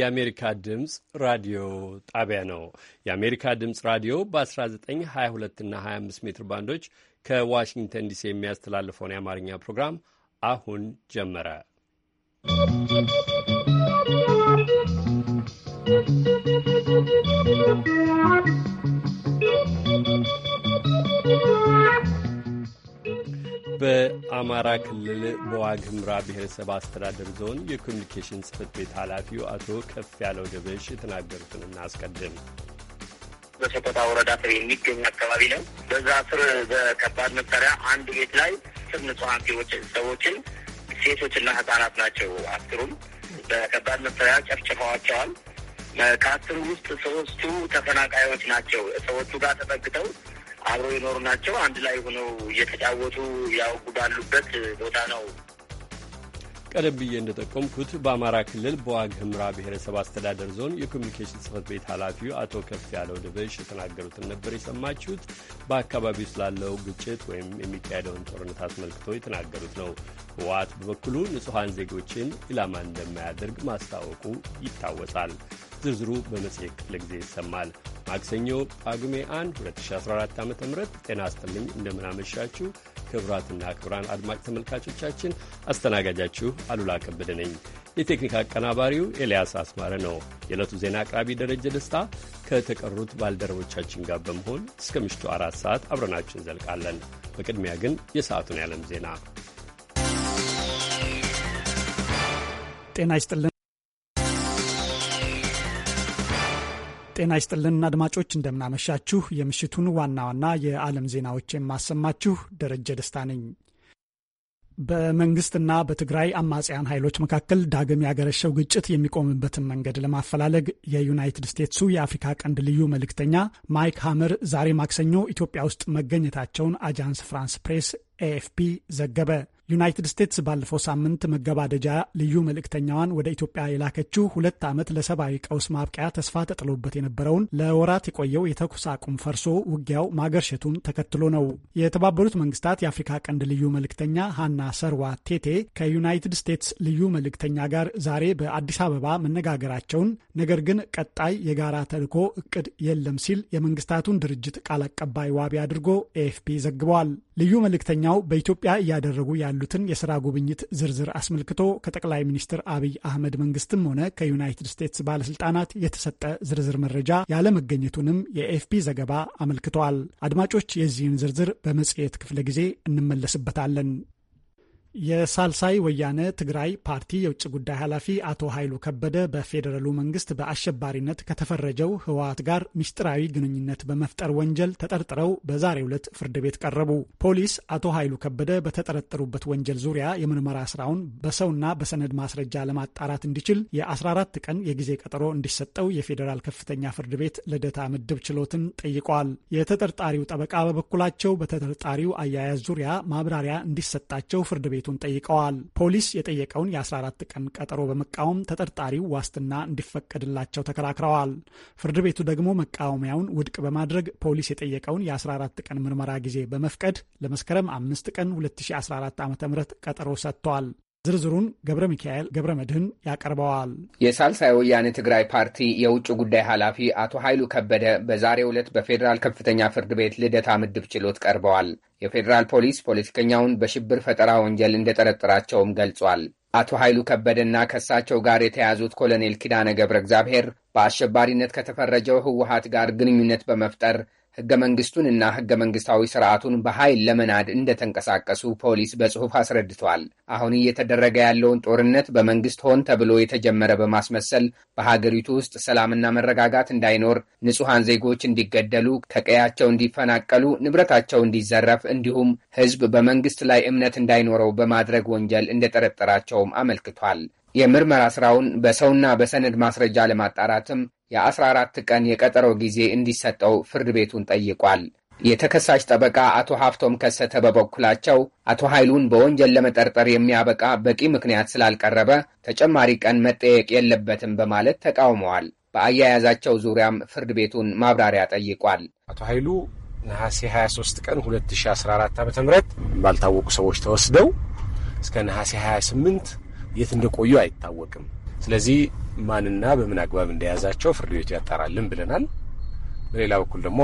የአሜሪካ ድምፅ ራዲዮ ጣቢያ ነው። የአሜሪካ ድምፅ ራዲዮ በ1922 እና 25 ሜትር ባንዶች ከዋሽንግተን ዲሲ የሚያስተላልፈውን የአማርኛ ፕሮግራም አሁን ጀመረ። ¶¶ በአማራ ክልል በዋግ ኽምራ ብሔረሰብ አስተዳደር ዞን የኮሚኒኬሽን ጽሕፈት ቤት ኃላፊው አቶ ከፍ ያለው ደበሽ የተናገሩትን እናስቀድም። በሰቆጣ ወረዳ ስር የሚገኝ አካባቢ ነው። በዛ ስር በከባድ መሳሪያ አንድ ቤት ላይ ስር ንጹሐን ሰዎችን ሴቶችና ህጻናት ናቸው። አስሩም በከባድ መሳሪያ ጨፍጭፈዋቸዋል። ከአስሩ ውስጥ ሶስቱ ተፈናቃዮች ናቸው። ሰዎቹ ጋር ተጠግተው አብረው የኖሩ ናቸው። አንድ ላይ ሆነው እየተጫወቱ ያውጉ ባሉበት ቦታ ነው። ቀደም ብዬ እንደጠቆምኩት በአማራ ክልል በዋግ ህምራ ብሔረሰብ አስተዳደር ዞን የኮሚኒኬሽን ጽህፈት ቤት ኃላፊው አቶ ከፍ ያለው ድበሽ የተናገሩትን ነበር የሰማችሁት። በአካባቢው ስላለው ግጭት ወይም የሚካሄደውን ጦርነት አስመልክቶ የተናገሩት ነው። ህወሓት በበኩሉ ንጹሐን ዜጎችን ኢላማ እንደማያደርግ ማስታወቁ ይታወሳል። ዝርዝሩ በመጽሔት ክፍለ ጊዜ ይሰማል። ማክሰኞ ጳጉሜ 1 2014 ዓ ም ጤና አስጥልኝ። እንደምናመሻችሁ ክቡራትና ክቡራን አድማጭ ተመልካቾቻችን አስተናጋጃችሁ አሉላ ከበደ ነኝ። የቴክኒክ አቀናባሪው ኤልያስ አስማረ ነው። የዕለቱ ዜና አቅራቢ ደረጀ ደስታ ከተቀሩት ባልደረቦቻችን ጋር በመሆን እስከ ምሽቱ አራት ሰዓት አብረናችሁ እንዘልቃለን። በቅድሚያ ግን የሰዓቱን ያለም ዜና ጤና ይስጥልን። ጤና ይስጥልን አድማጮች፣ እንደምናመሻችሁ። የምሽቱን ዋና ዋና የዓለም ዜናዎች የማሰማችሁ ደረጀ ደስታ ነኝ። በመንግስትና በትግራይ አማጽያን ኃይሎች መካከል ዳግም ያገረሸው ግጭት የሚቆምበትን መንገድ ለማፈላለግ የዩናይትድ ስቴትሱ የአፍሪካ ቀንድ ልዩ መልእክተኛ ማይክ ሃመር ዛሬ ማክሰኞ ኢትዮጵያ ውስጥ መገኘታቸውን አጃንስ ፍራንስ ፕሬስ ኤኤፍፒ ዘገበ። ዩናይትድ ስቴትስ ባለፈው ሳምንት መገባደጃ ልዩ መልእክተኛዋን ወደ ኢትዮጵያ የላከችው ሁለት ዓመት ለሰብአዊ ቀውስ ማብቂያ ተስፋ ተጥሎበት የነበረውን ለወራት የቆየው የተኩስ አቁም ፈርሶ ውጊያው ማገርሸቱን ተከትሎ ነው። የተባበሩት መንግስታት የአፍሪካ ቀንድ ልዩ መልእክተኛ ሃና ሰርዋ ቴቴ ከዩናይትድ ስቴትስ ልዩ መልእክተኛ ጋር ዛሬ በአዲስ አበባ መነጋገራቸውን፣ ነገር ግን ቀጣይ የጋራ ተልዕኮ እቅድ የለም ሲል የመንግስታቱን ድርጅት ቃል አቀባይ ዋቢ አድርጎ ኤኤፍፒ ዘግበዋል። ልዩ መልእክተኛው በኢትዮጵያ እያደረጉ ያሉትን የስራ ጉብኝት ዝርዝር አስመልክቶ ከጠቅላይ ሚኒስትር አብይ አህመድ መንግስትም ሆነ ከዩናይትድ ስቴትስ ባለስልጣናት የተሰጠ ዝርዝር መረጃ ያለመገኘቱንም የኤፍፒ ዘገባ አመልክተዋል። አድማጮች፣ የዚህን ዝርዝር በመጽሔት ክፍለ ጊዜ እንመለስበታለን። የሳልሳይ ወያነ ትግራይ ፓርቲ የውጭ ጉዳይ ኃላፊ አቶ ኃይሉ ከበደ በፌዴራሉ መንግስት በአሸባሪነት ከተፈረጀው ህወሓት ጋር ምስጢራዊ ግንኙነት በመፍጠር ወንጀል ተጠርጥረው በዛሬው ዕለት ፍርድ ቤት ቀረቡ። ፖሊስ አቶ ኃይሉ ከበደ በተጠረጠሩበት ወንጀል ዙሪያ የምርመራ ስራውን በሰውና በሰነድ ማስረጃ ለማጣራት እንዲችል የ14 ቀን የጊዜ ቀጠሮ እንዲሰጠው የፌዴራል ከፍተኛ ፍርድ ቤት ልደታ ምድብ ችሎትን ጠይቋል። የተጠርጣሪው ጠበቃ በበኩላቸው በተጠርጣሪው አያያዝ ዙሪያ ማብራሪያ እንዲሰጣቸው ፍርድ ቤት ቤቱን ጠይቀዋል። ፖሊስ የጠየቀውን የ14 ቀን ቀጠሮ በመቃወም ተጠርጣሪው ዋስትና እንዲፈቀድላቸው ተከራክረዋል። ፍርድ ቤቱ ደግሞ መቃወሚያውን ውድቅ በማድረግ ፖሊስ የጠየቀውን የ14 ቀን ምርመራ ጊዜ በመፍቀድ ለመስከረም 5 ቀን 2014 ዓ ም ቀጠሮ ሰጥቷል። ዝርዝሩን ገብረ ሚካኤል ገብረ መድህን ያቀርበዋል። የሳልሳይ ወያኔ ትግራይ ፓርቲ የውጭ ጉዳይ ኃላፊ አቶ ኃይሉ ከበደ በዛሬው ዕለት በፌዴራል ከፍተኛ ፍርድ ቤት ልደታ ምድብ ችሎት ቀርበዋል። የፌዴራል ፖሊስ ፖለቲከኛውን በሽብር ፈጠራ ወንጀል እንደጠረጠራቸውም ገልጿል። አቶ ኃይሉ ከበደና ከእሳቸው ጋር የተያዙት ኮሎኔል ኪዳነ ገብረ እግዚአብሔር በአሸባሪነት ከተፈረጀው ህወሀት ጋር ግንኙነት በመፍጠር ህገ መንግስቱንና ህገ መንግስታዊ ስርዓቱን በኃይል ለመናድ እንደተንቀሳቀሱ ፖሊስ በጽሑፍ አስረድቷል። አሁን እየተደረገ ያለውን ጦርነት በመንግስት ሆን ተብሎ የተጀመረ በማስመሰል በሀገሪቱ ውስጥ ሰላምና መረጋጋት እንዳይኖር፣ ንጹሐን ዜጎች እንዲገደሉ፣ ከቀያቸው እንዲፈናቀሉ፣ ንብረታቸው እንዲዘረፍ እንዲሁም ህዝብ በመንግስት ላይ እምነት እንዳይኖረው በማድረግ ወንጀል እንደጠረጠራቸውም አመልክቷል። የምርመራ ስራውን በሰውና በሰነድ ማስረጃ ለማጣራትም የ14 ቀን የቀጠሮ ጊዜ እንዲሰጠው ፍርድ ቤቱን ጠይቋል። የተከሳሽ ጠበቃ አቶ ሀፍቶም ከሰተ በበኩላቸው አቶ ኃይሉን በወንጀል ለመጠርጠር የሚያበቃ በቂ ምክንያት ስላልቀረበ ተጨማሪ ቀን መጠየቅ የለበትም በማለት ተቃውመዋል። በአያያዛቸው ዙሪያም ፍርድ ቤቱን ማብራሪያ ጠይቋል። አቶ ኃይሉ ነሐሴ 23 ቀን 2014 ዓ ም ባልታወቁ ሰዎች ተወስደው እስከ ነሐሴ 28 የት እንደቆዩ አይታወቅም። ስለዚህ ማንና በምን አግባብ እንደያዛቸው ፍርድ ቤቱ ያጣራልን ብለናል። በሌላ በኩል ደግሞ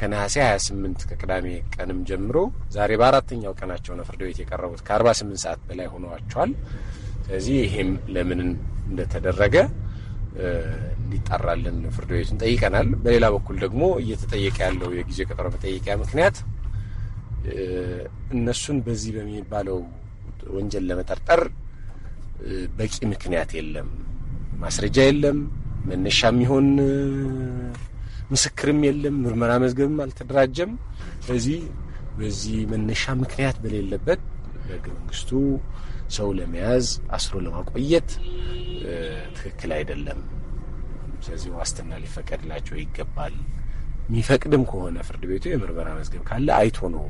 ከነሐሴ 28 ከቅዳሜ ቀንም ጀምሮ ዛሬ በአራተኛው ቀናቸው ነው ፍርድ ቤት የቀረቡት። ከ48 ሰዓት በላይ ሆነዋቸዋል። ስለዚህ ይሄም ለምን እንደተደረገ እንዲጣራልን ፍርድ ቤቱን ጠይቀናል። በሌላ በኩል ደግሞ እየተጠየቀ ያለው የጊዜ ቀጠሮ መጠየቂያ ምክንያት እነሱን በዚህ በሚባለው ወንጀል ለመጠርጠር በቂ ምክንያት የለም፣ ማስረጃ የለም፣ መነሻ የሚሆን ምስክርም የለም፣ ምርመራ መዝገብም አልተደራጀም። ስለዚህ በዚህ መነሻ ምክንያት በሌለበት በህገ መንግስቱ ሰው ለመያዝ አስሮ ለማቆየት ትክክል አይደለም። ስለዚህ ዋስትና ሊፈቀድላቸው ይገባል። የሚፈቅድም ከሆነ ፍርድ ቤቱ የምርመራ መዝገብ ካለ አይቶ ነው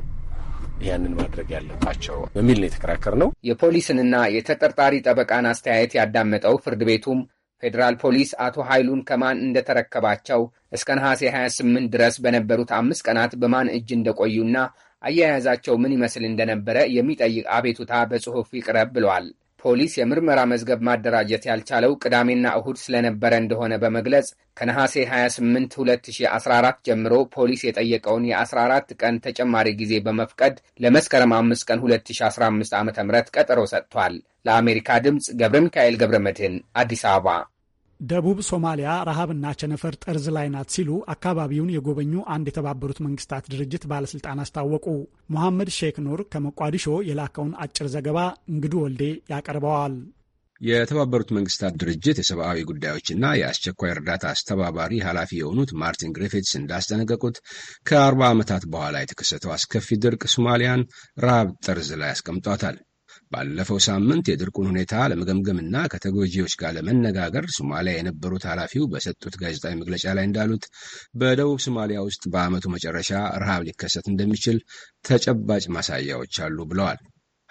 ያንን ማድረግ ያለባቸው በሚል ነው የተከራከር ነው። የፖሊስንና የተጠርጣሪ ጠበቃን አስተያየት ያዳመጠው ፍርድ ቤቱም ፌዴራል ፖሊስ አቶ ኃይሉን ከማን እንደተረከባቸው እስከ ነሐሴ 28 ድረስ በነበሩት አምስት ቀናት በማን እጅ እንደቆዩና አያያዛቸው ምን ይመስል እንደነበረ የሚጠይቅ አቤቱታ በጽሑፍ ይቅረብ ብሏል ፖሊስ የምርመራ መዝገብ ማደራጀት ያልቻለው ቅዳሜና እሁድ ስለነበረ እንደሆነ በመግለጽ ከነሐሴ 28 2014 ጀምሮ ፖሊስ የጠየቀውን የ14 ቀን ተጨማሪ ጊዜ በመፍቀድ ለመስከረም 5 ቀን 2015 ዓ ም ቀጠሮ ሰጥቷል። ለአሜሪካ ድምፅ ገብረ ሚካኤል ገብረ መድህን አዲስ አበባ ደቡብ ሶማሊያ ረሃብና ቸነፈር ጠርዝ ላይ ናት ሲሉ አካባቢውን የጎበኙ አንድ የተባበሩት መንግስታት ድርጅት ባለስልጣን አስታወቁ። ሞሐመድ ሼክ ኑር ከሞቃዲሾ የላከውን አጭር ዘገባ እንግዱ ወልዴ ያቀርበዋል። የተባበሩት መንግስታት ድርጅት የሰብአዊ ጉዳዮችና የአስቸኳይ እርዳታ አስተባባሪ ኃላፊ የሆኑት ማርቲን ግሪፊትስ እንዳስጠነቀቁት ከአርባ ዓመታት በኋላ የተከሰተው አስከፊ ድርቅ ሶማሊያን ረሃብ ጠርዝ ላይ አስቀምጧታል። ባለፈው ሳምንት የድርቁን ሁኔታ ለመገምገምና ከተጎጂዎች ጋር ለመነጋገር ሶማሊያ የነበሩት ኃላፊው በሰጡት ጋዜጣዊ መግለጫ ላይ እንዳሉት በደቡብ ሶማሊያ ውስጥ በዓመቱ መጨረሻ ረሃብ ሊከሰት እንደሚችል ተጨባጭ ማሳያዎች አሉ ብለዋል።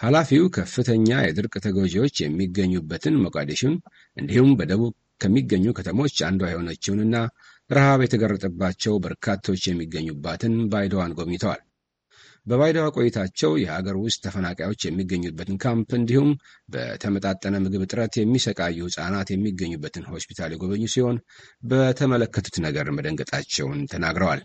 ኃላፊው ከፍተኛ የድርቅ ተጎጂዎች የሚገኙበትን ሞቃዲሾን እንዲሁም በደቡብ ከሚገኙ ከተሞች አንዷ የሆነችውንና ረሃብ የተገረጠባቸው በርካቶች የሚገኙባትን ባይደዋን ጎብኝተዋል። በባይደዋ ቆይታቸው የሀገር ውስጥ ተፈናቃዮች የሚገኙበትን ካምፕ እንዲሁም በተመጣጠነ ምግብ እጥረት የሚሰቃዩ ሕጻናት የሚገኙበትን ሆስፒታል የጎበኙ ሲሆን በተመለከቱት ነገር መደንገጣቸውን ተናግረዋል።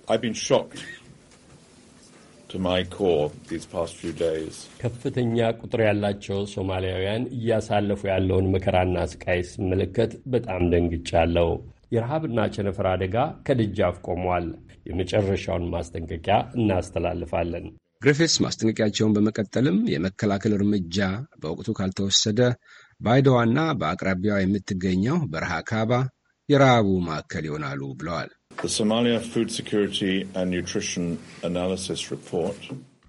ከፍተኛ ቁጥር ያላቸው ሶማሊያውያን እያሳለፉ ያለውን መከራና ስቃይ ስመለከት በጣም ደንግጫለሁ። የረሃብና ቸነፈር አደጋ ከደጃፍ ቆሟል። የመጨረሻውን ማስጠንቀቂያ እናስተላልፋለን። ግሪፊትስ ማስጠንቀቂያቸውን በመቀጠልም የመከላከል እርምጃ በወቅቱ ካልተወሰደ ባይደዋና በአቅራቢያዋ የምትገኘው በረሃ ካባ የረሃቡ ማዕከል ይሆናሉ ብለዋል። The Somalia Food Security and Nutrition Analysis Report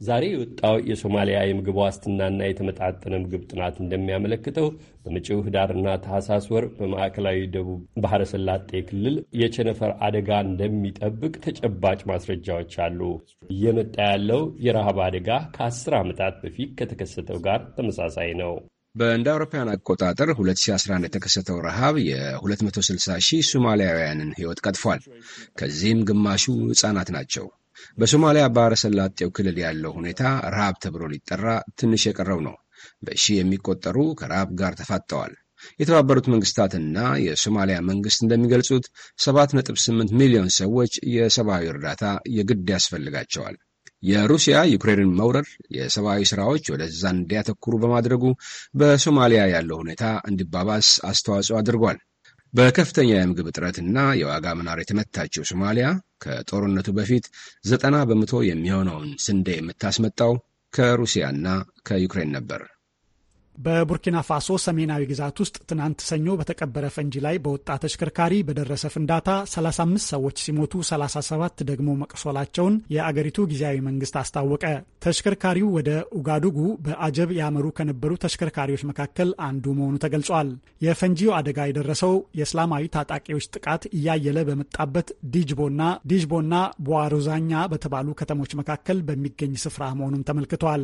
ዛሬ የወጣው የሶማሊያ የምግብ ዋስትናና የተመጣጠነ ምግብ ጥናት እንደሚያመለክተው በመጪው ህዳርና ታህሳስ ወር በማዕከላዊ ደቡብ ባህረ ሰላጤ ክልል የቸነፈር አደጋ እንደሚጠብቅ ተጨባጭ ማስረጃዎች አሉ። እየመጣ ያለው የረሃብ አደጋ ከአስር ዓመታት በፊት ከተከሰተው ጋር ተመሳሳይ ነው። በእንደ አውሮፓውያን አቆጣጠር 2011 የተከሰተው ረሃብ የ260 ሺህ ሶማሊያውያንን ህይወት ቀጥፏል። ከዚህም ግማሹ ህጻናት ናቸው። በሶማሊያ ባህረ ሰላጤው ክልል ያለው ሁኔታ ረሃብ ተብሎ ሊጠራ ትንሽ የቀረው ነው። በሺ የሚቆጠሩ ከረሃብ ጋር ተፋጠዋል። የተባበሩት መንግስታትና የሶማሊያ መንግስት እንደሚገልጹት 7.8 ሚሊዮን ሰዎች የሰብአዊ እርዳታ የግድ ያስፈልጋቸዋል። የሩሲያ ዩክሬንን መውረር የሰብአዊ ሥራዎች ወደዛ እንዲያተኩሩ በማድረጉ በሶማሊያ ያለው ሁኔታ እንዲባባስ አስተዋጽኦ አድርጓል። በከፍተኛ የምግብ እጥረትና የዋጋ መናር የተመታቸው ሶማሊያ ከጦርነቱ በፊት ዘጠና በመቶ የሚሆነውን ስንዴ የምታስመጣው ከሩሲያና ከዩክሬን ነበር። በቡርኪና ፋሶ ሰሜናዊ ግዛት ውስጥ ትናንት ሰኞ በተቀበረ ፈንጂ ላይ በወጣ ተሽከርካሪ በደረሰ ፍንዳታ 35 ሰዎች ሲሞቱ 37 ደግሞ መቅሶላቸውን የአገሪቱ ጊዜያዊ መንግስት አስታወቀ። ተሽከርካሪው ወደ ኡጋዱጉ በአጀብ ያመሩ ከነበሩ ተሽከርካሪዎች መካከል አንዱ መሆኑ ተገልጿል። የፈንጂው አደጋ የደረሰው የእስላማዊ ታጣቂዎች ጥቃት እያየለ በመጣበት ዲጅቦና ዲጅቦና ቧሮዛኛ በተባሉ ከተሞች መካከል በሚገኝ ስፍራ መሆኑም ተመልክቷል።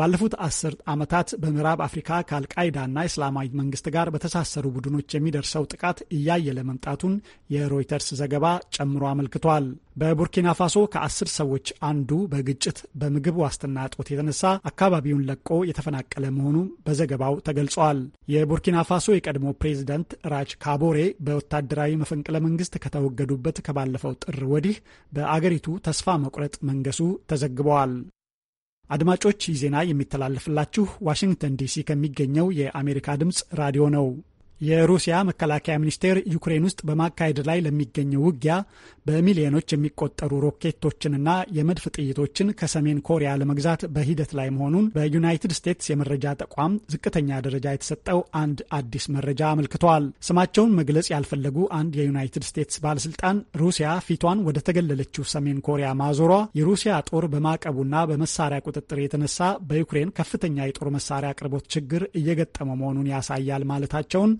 ባለፉት አስር ዓመታት በምዕራብ አፍሪካ ከአልቃይዳና እስላማዊ መንግስት ጋር በተሳሰሩ ቡድኖች የሚደርሰው ጥቃት እያየለ መምጣቱን የሮይተርስ ዘገባ ጨምሮ አመልክቷል። በቡርኪና ፋሶ ከአስር ሰዎች አንዱ በግጭት በምግብ ዋስትና እጦት የተነሳ አካባቢውን ለቆ የተፈናቀለ መሆኑ በዘገባው ተገልጿል። የቡርኪና ፋሶ የቀድሞ ፕሬዚደንት ራጅ ካቦሬ በወታደራዊ መፈንቅለ መንግስት ከተወገዱበት ከባለፈው ጥር ወዲህ በአገሪቱ ተስፋ መቁረጥ መንገሱ ተዘግበዋል። አድማጮች ይህ ዜና የሚተላለፍላችሁ ዋሽንግተን ዲሲ ከሚገኘው የአሜሪካ ድምፅ ራዲዮ ነው። የሩሲያ መከላከያ ሚኒስቴር ዩክሬን ውስጥ በማካሄድ ላይ ለሚገኘው ውጊያ በሚሊዮኖች የሚቆጠሩ ሮኬቶችንና የመድፍ ጥይቶችን ከሰሜን ኮሪያ ለመግዛት በሂደት ላይ መሆኑን በዩናይትድ ስቴትስ የመረጃ ተቋም ዝቅተኛ ደረጃ የተሰጠው አንድ አዲስ መረጃ አመልክተዋል። ስማቸውን መግለጽ ያልፈለጉ አንድ የዩናይትድ ስቴትስ ባለስልጣን ሩሲያ ፊቷን ወደ ተገለለችው ሰሜን ኮሪያ ማዞሯ የሩሲያ ጦር በማዕቀቡና በመሳሪያ ቁጥጥር የተነሳ በዩክሬን ከፍተኛ የጦር መሳሪያ አቅርቦት ችግር እየገጠመ መሆኑን ያሳያል ማለታቸውን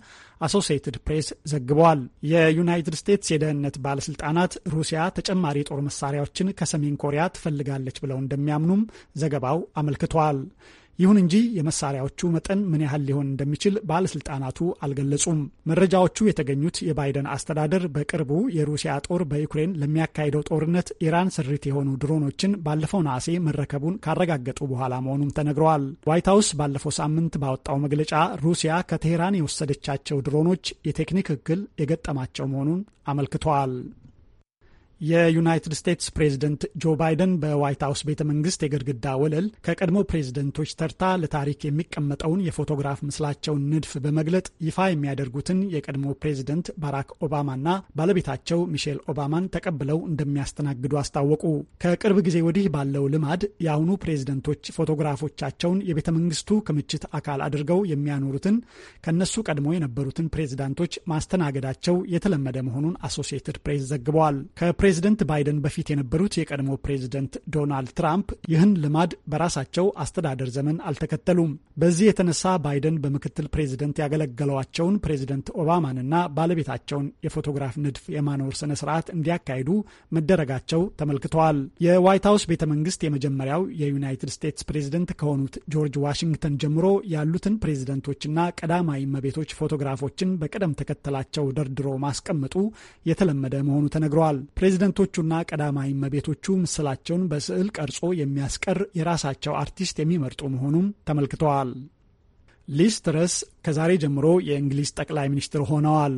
አሶሲየትድ ፕሬስ ዘግበዋል። የዩናይትድ ስቴትስ የደህንነት ባለስልጣናት ሩሲያ ተጨማሪ ጦር መሳሪያዎችን ከሰሜን ኮሪያ ትፈልጋለች ብለው እንደሚያምኑም ዘገባው አመልክቷል። ይሁን እንጂ የመሳሪያዎቹ መጠን ምን ያህል ሊሆን እንደሚችል ባለስልጣናቱ አልገለጹም። መረጃዎቹ የተገኙት የባይደን አስተዳደር በቅርቡ የሩሲያ ጦር በዩክሬን ለሚያካሂደው ጦርነት ኢራን ስሪት የሆኑ ድሮኖችን ባለፈው ነሐሴ መረከቡን ካረጋገጡ በኋላ መሆኑም ተነግረዋል። ዋይት ሀውስ ባለፈው ሳምንት ባወጣው መግለጫ ሩሲያ ከቴህራን የወሰደቻቸው ድሮኖች የቴክኒክ እክል የገጠማቸው መሆኑን አመልክተዋል። የዩናይትድ ስቴትስ ፕሬዝደንት ጆ ባይደን በዋይት ሀውስ ቤተ መንግስት የግድግዳ ወለል ከቀድሞ ፕሬዝደንቶች ተርታ ለታሪክ የሚቀመጠውን የፎቶግራፍ ምስላቸውን ንድፍ በመግለጥ ይፋ የሚያደርጉትን የቀድሞ ፕሬዝደንት ባራክ ኦባማና ባለቤታቸው ሚሼል ኦባማን ተቀብለው እንደሚያስተናግዱ አስታወቁ። ከቅርብ ጊዜ ወዲህ ባለው ልማድ የአሁኑ ፕሬዝደንቶች ፎቶግራፎቻቸውን የቤተ መንግስቱ ክምችት አካል አድርገው የሚያኖሩትን ከነሱ ቀድሞ የነበሩትን ፕሬዝዳንቶች ማስተናገዳቸው የተለመደ መሆኑን አሶሲየትድ ፕሬስ ዘግበዋል። ከፕሬዝደንት ባይደን በፊት የነበሩት የቀድሞ ፕሬዝደንት ዶናልድ ትራምፕ ይህን ልማድ በራሳቸው አስተዳደር ዘመን አልተከተሉም። በዚህ የተነሳ ባይደን በምክትል ፕሬዝደንት ያገለገሏቸውን ፕሬዝደንት ኦባማንና ባለቤታቸውን የፎቶግራፍ ንድፍ የማኖር ስነ ስርዓት እንዲያካሂዱ መደረጋቸው ተመልክተዋል። የዋይት ሀውስ ቤተ መንግስት የመጀመሪያው የዩናይትድ ስቴትስ ፕሬዝደንት ከሆኑት ጆርጅ ዋሽንግተን ጀምሮ ያሉትን ፕሬዝደንቶችና ቀዳማዊ እመቤቶች ፎቶግራፎችን በቅደም ተከተላቸው ደርድሮ ማስቀመጡ የተለመደ መሆኑ ተነግረዋል። ፕሬዚደንቶቹና ቀዳማዊ እመቤቶቹ ምስላቸውን በስዕል ቀርጾ የሚያስቀር የራሳቸው አርቲስት የሚመርጡ መሆኑም ተመልክተዋል። ሊስ ትረስ ከዛሬ ጀምሮ የእንግሊዝ ጠቅላይ ሚኒስትር ሆነዋል።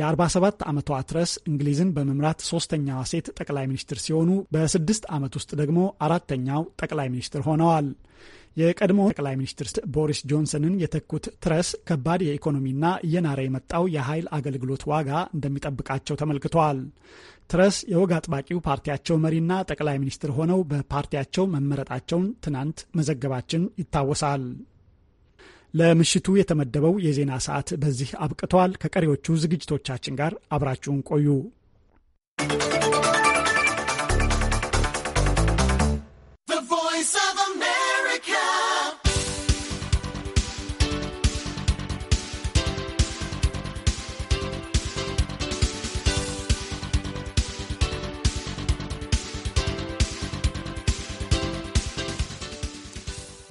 የ47 ዓመቷ ትረስ እንግሊዝን በመምራት ሶስተኛዋ ሴት ጠቅላይ ሚኒስትር ሲሆኑ በስድስት ዓመት ውስጥ ደግሞ አራተኛው ጠቅላይ ሚኒስትር ሆነዋል። የቀድሞ ጠቅላይ ሚኒስትር ቦሪስ ጆንሰንን የተኩት ትረስ ከባድ የኢኮኖሚና እየናረ የመጣው የኃይል አገልግሎት ዋጋ እንደሚጠብቃቸው ተመልክተዋል። ትረስ የወግ አጥባቂው ፓርቲያቸው መሪና ጠቅላይ ሚኒስትር ሆነው በፓርቲያቸው መመረጣቸውን ትናንት መዘገባችን ይታወሳል። ለምሽቱ የተመደበው የዜና ሰዓት በዚህ አብቅተዋል። ከቀሪዎቹ ዝግጅቶቻችን ጋር አብራችሁን ቆዩ።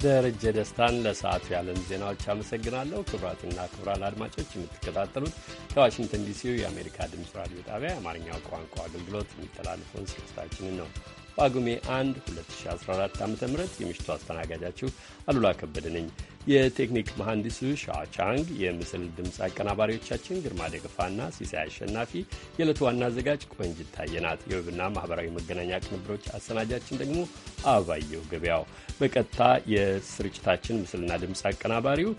ደረጀ ደስታን ለሰዓቱ የዓለም ዜናዎች አመሰግናለሁ። ክቡራትና ክቡራን አድማጮች የምትከታተሉት ከዋሽንግተን ዲሲው የአሜሪካ ድምፅ ራዲዮ ጣቢያ የአማርኛው ቋንቋ አገልግሎት የሚተላለፈውን ስርጭታችንን ነው። ጳጉሜ 1 2014 ዓ ም የምሽቱ አስተናጋጃችሁ አሉላ ከበደ ነኝ። የቴክኒክ መሐንዲሱ ሻቻንግ፣ የምስል ድምፅ አቀናባሪዎቻችን ግርማ ደግፋና ሲሳይ አሸናፊ፣ የዕለቱ ዋና አዘጋጅ ቆንጅት ታየናት የውብና ማኅበራዊ መገናኛ ቅንብሮች አሰናጃችን ደግሞ አበባየሁ ገበያው፣ በቀጥታ የስርጭታችን ምስልና ድምፅ አቀናባሪው